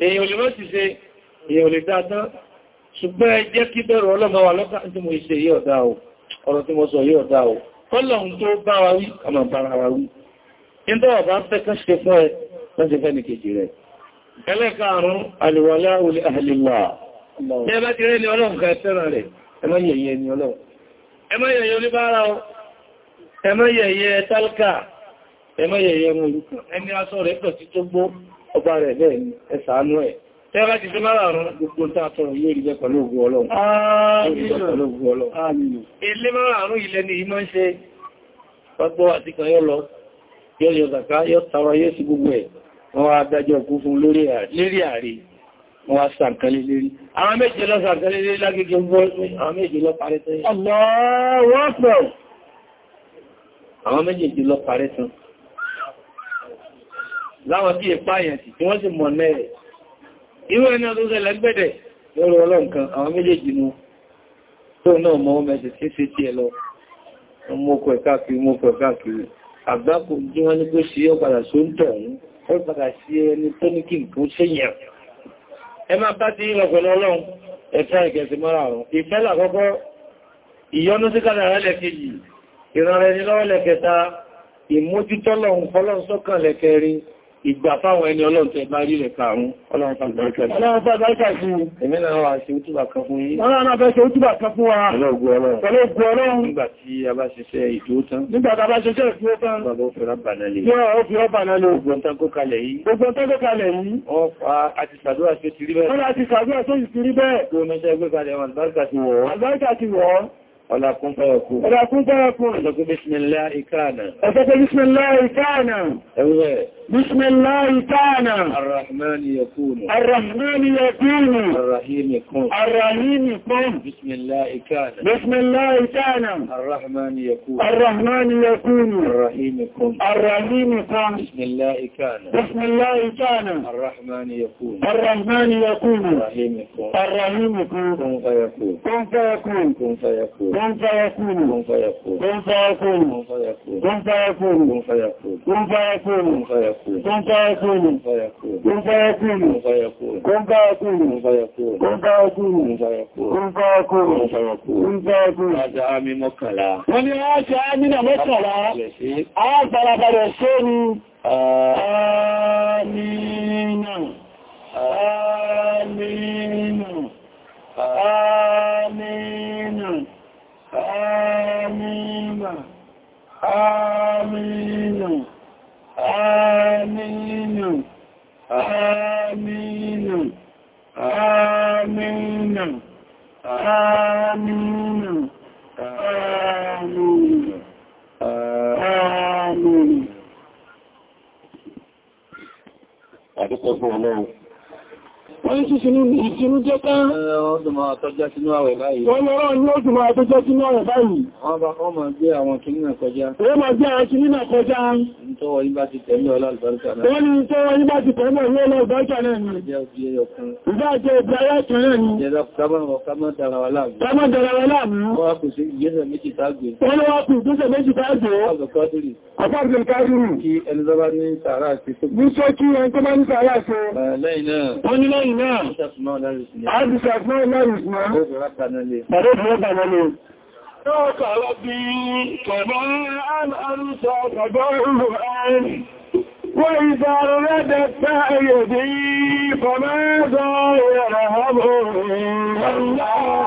èyàn olè mọ́ ti ṣe èyàn olè dáadáa ṣùgbọ́n ẹ jẹ́ kí bẹ̀rù ọlọ́mọ wa lọ́kà tí mo ṣe yí ọ̀dá o ọ̀rọ̀ tí mo sọ yí ọ̀dá o kọ́lọ̀un tó bá wa wí àmà bára wa wí nígbà ọ̀bá fẹ́ kán ṣe fún ẹ wọ́n ṣe fẹ́ ní kejì rẹ̀ ẹlẹ́kàrún àlùwàlá olè àhàlìwà ẹ bá ti rẹ́ ni tálkà ẹ má ẹni aṣọ rẹ̀ pẹ̀ tó gbó ọba rẹ̀ bẹ́ẹ̀ ni ẹ̀sàánú ẹ̀ tẹ́rà ti fi mára rán gbogbo tààtọrọ yóò rí lẹ́pẹ̀lú ogun ọlọ́run ilé mára rán ilẹ̀ ni ìmọ̀ ń ṣe pàgbọ́ àti kan yọ́ lọ yọ́ yọ zàká yọ́ tàwà yóò sí gbogbo ẹ̀ wọ́n wá dájọ́ kú fún lórí ààrí wọ́n wá sàǹkanlé lérí àwọn méje lọ sàǹkanlé lérí lágége àwọn méje lọ parẹ́ tán láwọn tí èpá àyàntì tí wọ́n sì mọ̀ mẹ́rẹ̀ irú ẹni ọdún sẹlẹ̀ gbẹ̀dẹ̀ lórí ọlọ́nkan àwọn méjèèjì mú tó náà mọ́ mẹ́sẹ̀ tí ṣe tí ẹ lọ mọ́kọ̀ ẹ̀káàkiri mọ́kọ̀ ẹ̀káàkiri ń tọ̀hún ó ìgbà fáwọn ẹni ọlọ́run tẹ bá rí rẹ̀ kàrún ọlọ́run fàgbàríkà sí ọlọ́run fàgbàríkà sí ẹ̀mí náà wà ṣe òtúbà kan fún yín ọlọ́run náà fẹ́ ṣe òtúbà kan fún wa ọlọ́gbọ̀ ọlọ́run nígbà tí a bá ṣiṣẹ́ ìdúró tán nígbà tí a bá ṣiṣẹ́ ìdúró tán bàbá ó fi rọ́bà náà lè ó fi rọ́bà náà lè gbọ́n tán kó kalẹ̀ yìí gbọ́n tán kó kalẹ̀ yìí ó fa àti ṣàdúrà sí ti rí bẹ́ẹ̀ ó láti ṣàdúrà sí ti rí bẹ́ẹ̀ kó mẹ́ṣẹ́ gbé kalẹ̀ wọn àlùbáríkà ti wọ̀ àlùbáríkà ti wọ̀ ولا كن فيكون ولا كن فيكون بسم الله كان بسم الله كان بسم الله تعالى الرحمن يكون الرحمن يكون الرحيم يكون الرحيم يكون بسم الله كان بسم الله كان الرحمن يكون الرحمن يكون الرحيم يكون الرحيم يكون بسم الله كان بسم الله كان الرحمن يكون الرحمن يكون الرحيم يكون الرحيم يكون كن فيكون كن فيكون كن فيكون كن فيكون كن فيكون كن فيكون كن فيكون كن فيكون كن فيكون كن فيكون Amina. Amina. Amina. Amina. Amina. Àmìnà, àmìnà, àmìnà, àmìnà, àmìnà, àmìnà. Àdúkọ̀ fún ọlọ́run wọ́n sí sínú ìsinú jẹ́ ká wọ́n lọ́rọ̀ ní ó tún máa sínú àwẹ̀ báyìí wọ́n tó jẹ́ sínú àwẹ̀ báyìí wọ́n máa gbé àwọn kìnnì náà kọjá wọ́n máa gbé àwọn kìnnì náà kọjá ní tọ́wọ́ yí bá ti tẹ̀lé ọlá àlùbáríkà náà ní tọ́wọ́ yí bá ti tẹ̀lé ọlá àlùbáríkà náà ní ìjá jẹ́ ìgbà yàtọ̀ náà ní ìjẹ́ kámọ́ dára wà láàmú wọ́n wá kù sí ìgbésẹ̀ méjì tágbé wọ́n wá kù ìgbésẹ̀ méjì tágbé ọ̀pọ̀lọpọ̀ káàkiri kí ẹni tó bá ní sàárà sí lẹ́yìn náà àádìsà fún ọlọ́rùsùnmọ́ pẹ̀lú ìrọ́bàmọ́ lè Ọkọ̀ rọ̀bí kẹ̀mọ́ àrùsọ̀ ọ̀gbọ̀ ìrù ẹ̀rìn وإذا ردت فأيدي فما ظاهرها الله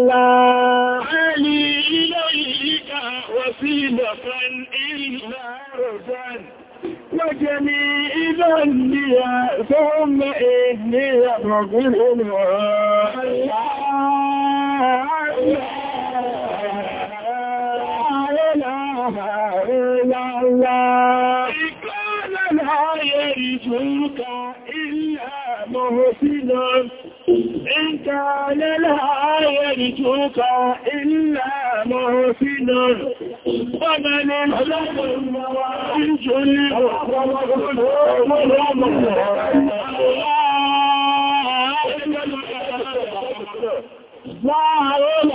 الله علي إليك وسيلة إلا رجل وجميع ذنبي ثم إني مقول الله لا إله إلا الله إن كان لا يرجوك إلا محسنا إن كان لا يرجوك إلا محسنا ومن الظلم يرجو لا إله إلا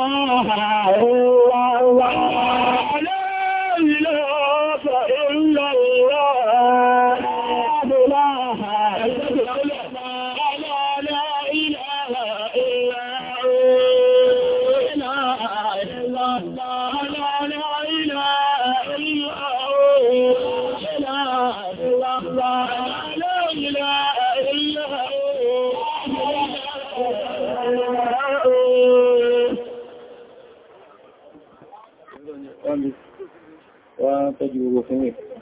الله لا إله إلا الله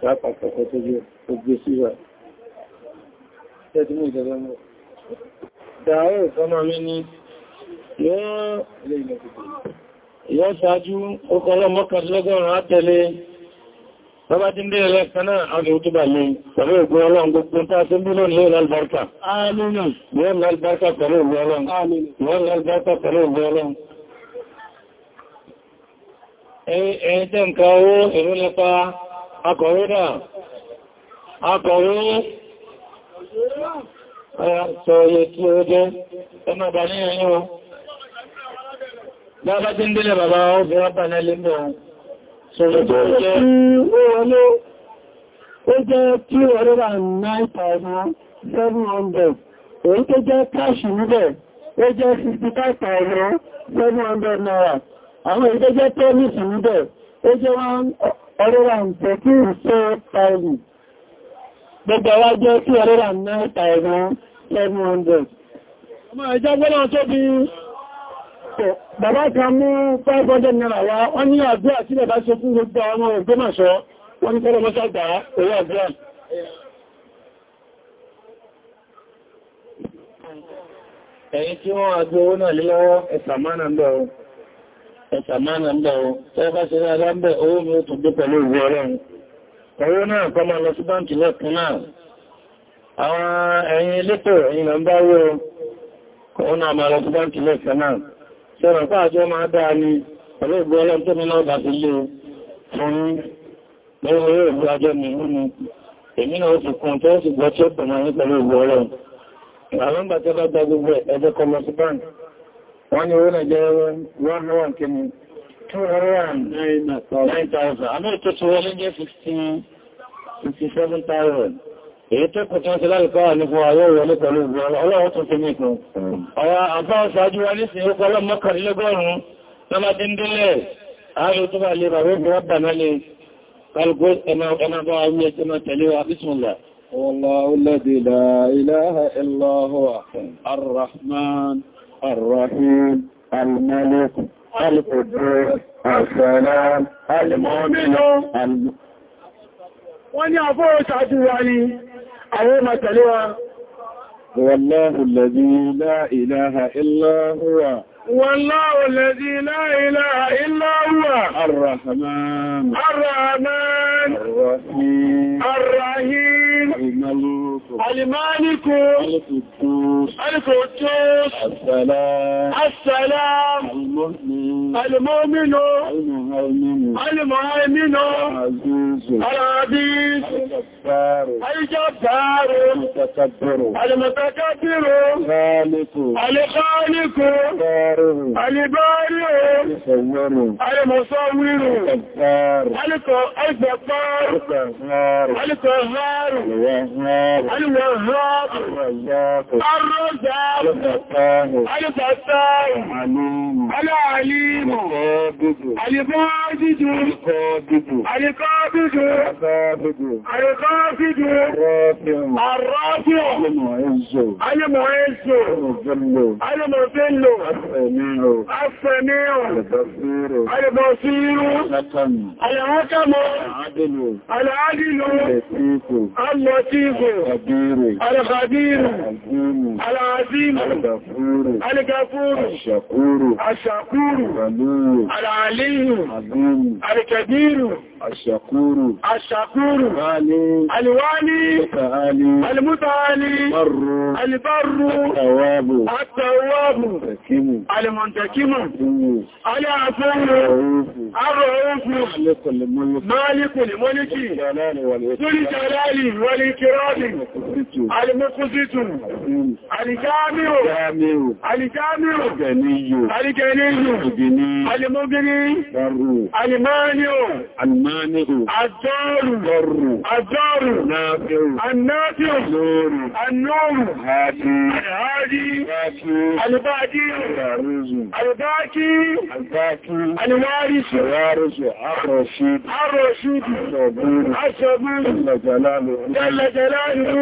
lápapọ̀ tó jẹ́ ogbé síwà tẹ́tí mú ìjọba mọ́ dáwọ́ ìfọ́nà mi ni yọ́ ṣáájú ọkọ̀lọ́ mọ́kànlélọ́gọ́rùn-ún átẹ́lé Bọ́bá ti ń bí ẹlẹ́ kanáà ọdún tó bà lóyìn, pẹ̀lú ìgbò ọlọ́run gbogbo tá a tó bí lónìí lórí albarka. Àmìnà. Yọ́n lálbarka pẹ̀lú ìgbò ọlọ́run. Àmìnà. Yọ́n lálbarka pẹ̀lú ìgbò ọlọ́run ẹ̀yìn tẹ́ nǹkan owó akọ̀wé náà akọ̀wé sọ̀rọ̀ tí ó jẹ́ ẹmọ bà ní ẹ̀yìn wọn bá bá tí ń délẹ̀ bàbá obìnrin bà ní ẹlẹ́ mọ̀ sọ̀rọ̀ tí ó jẹ́ ó jẹ́ 209,700 èyí tó jẹ́ káàṣì níbẹ̀ ó jẹ́ 55,700 náírà àwọn èyí tó jẹ́ tẹ́lìsì níbẹ̀ ó jẹ́ 1 ọlọ́rà ń tẹ́ kí ń sọ tàìlì gbogbo àwájọ́ tí ọlọ́rà náà tàìlì 700 ọmọ ìjọ gbọ́nà tó bí bàbá kan mú 500 naira wá wọ́n ní àdúrà tí bàbá ṣe fún gbogbo àwọn ògbómọ̀ṣọ́ wọ́n ní kọ́lọ̀ mọ́sàgbà owó àdúrà ẹ̀yìn tí wọ́n àdúrà owó náà lé lọ́wọ́ ẹ̀sàmánà ń bẹ̀rún ẹ̀sàmánà ń bẹ̀ o tẹ́ bá ṣe rárá ń bẹ̀ owó mi ó tún dé pẹ̀lú ìwé ọlọ́run owó náà kọ́ máa lọ sí báǹkì lẹ́kùn náà àwọn ẹ̀yin elétò ẹ̀yin nà ń bá wó kọ́ náà máa lọ sí báǹkì lẹ́kùn náà sọ̀rọ̀ pàájọ́ máa dáa ni pẹ̀lú ìwé ọlọ́run tó mi náà bá ti lé fún lọ́wọ́ yóò bú ajọ́ mi nínú èmi náà ó ti kún tó ó sì gbọ́ wọ́n ni orílẹ̀ jẹ́ 101 kìíní 209,000 àmì ètò tó wọlé jẹ́ 57,000 èyí tó kò tán ti lálùkọ́ àlùkọ́ ayé ìwọlé pẹ̀lú ọlọ́wọ́ tó fi mẹ́kùn ọwọ́ àfáà sáájú wa ní sin ókọ́ ọlọ́mọ́kànlélọ́gọ́rùn-ún lọ́mà tí ń dínlẹ̀ ààrẹ tó bá lè bàbá ìgbọ́ bàmá lè kálùkọ́ tẹ̀lé wa bísmùlá والله الذي لا إله إلا هو الرحمن الرحيم الملك القدوس السلام المؤمن wọ́n ní àfọ́ òṣàjú wa ni والله الذي لا إله إلا هو والله الذي لا إله إلا هو الرحمن الرحمن الرحيم الرحيم Alimaliku, Alikudus, Assalam, Alimominu, Alimuhaiminu, Alaziz, Alijabaru, Alimutakabiru, Alikaliku, Alibariu, Alimusawiru, Alikọ̀ọ́gbẹ̀kọ́, Alikọ̀ọ́gbẹ̀kọ́, الوهاب الرزاق الفتاح العليم الباجد القابض القافد الرافع المعز المذل السميع البصير الحكم العدل اللطيف القدير العظيم الغفور الشكور الشكور العلي الكبير الشكور الشكور الوالي الوالي المتعالي المتعالي بر البر التواب التواب المنتكم المنتكم العفو الرؤوف مالك الملك ذو الجلال والإكرام Alìmọ́kúsítùn, alìjámírò, alìjámírò, alìgẹ̀níyò, alìmọ́gírí, alìmọ́níò, alìmọ́níò, àjọ́rù, àjọ́rù, annáfíò, annóòrù, àdí, alìbájí, alìbájí, alìwárísù, arọ̀ṣù, arọ̀ṣù, aṣọ́bùn, jẹ́lẹ̀ jẹ́lẹ̀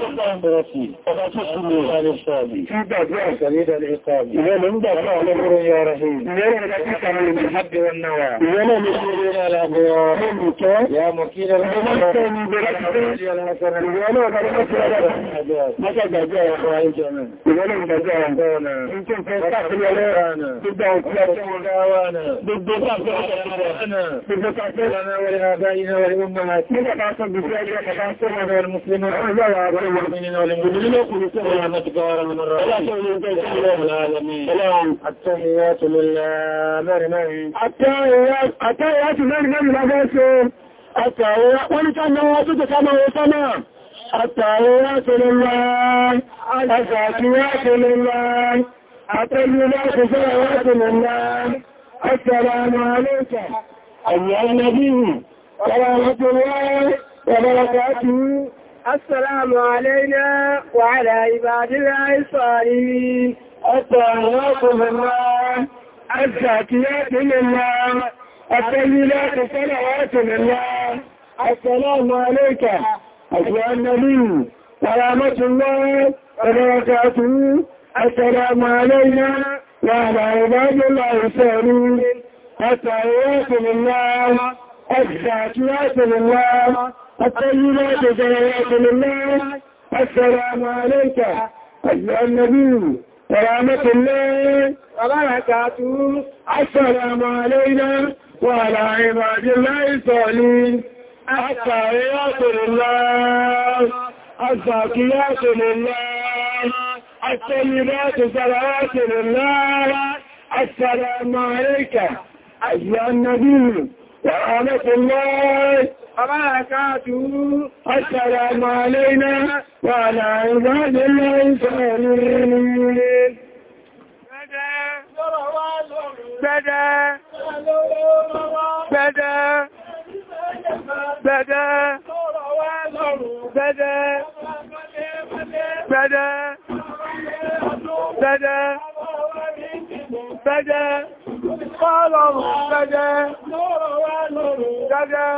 الرسيل تدعو سديد العقاب ولم دفع الأمر يا رحيم يرمك من الحب والنوى ولم يسرين الأبرار يا مكين الحسن ولم مكد جاء إخوائي جميع ولم تجاء إن كنت تستقل لنا تدعو كل دعوانا بالضبط لنا بالضبط لنا ولآبائنا ولأمهاتنا تتعصب بفعل وتتعصبنا والمسلمين والمؤمنين والمؤمنين برحمتك ورحمة الرحيم التحيات للمرمين التحيات للمرمين لا بأسهم التحيات ولتنوى تدك ما وصنا التحيات لله الزاكيات لله الطيبات صلوات لله السلام عليك أيها النبي سلامة الله وبركاته السلام علينا وعلى عباد الله الصالحين الطاهرات لله الزاكيات لله الطيبات صلوات لله السلام عليك أيها النبي سلامة الله وبركاته السلام علينا وعلى عباد الله الصالحين الطاهرات لله الزاكيات لله الطيبات زوات لله السلام عليك أيها النبي سلامة الله وبركاته السلام علينا وعلى عباد الله الصالحين الطيبات لله الزاكيات لله الطيبات صلوات لله السلام عليك أيها النبي ورحمة الله وبركاته السلام علينا وعلى عباد الله الصالحين بدا بدا بدا بدا بدا بدا Jẹ́jẹ́, kọ́lọ̀rùn jẹ́jẹ́, lọ́rọ̀ wá lọ́rùn jẹ́jẹ́.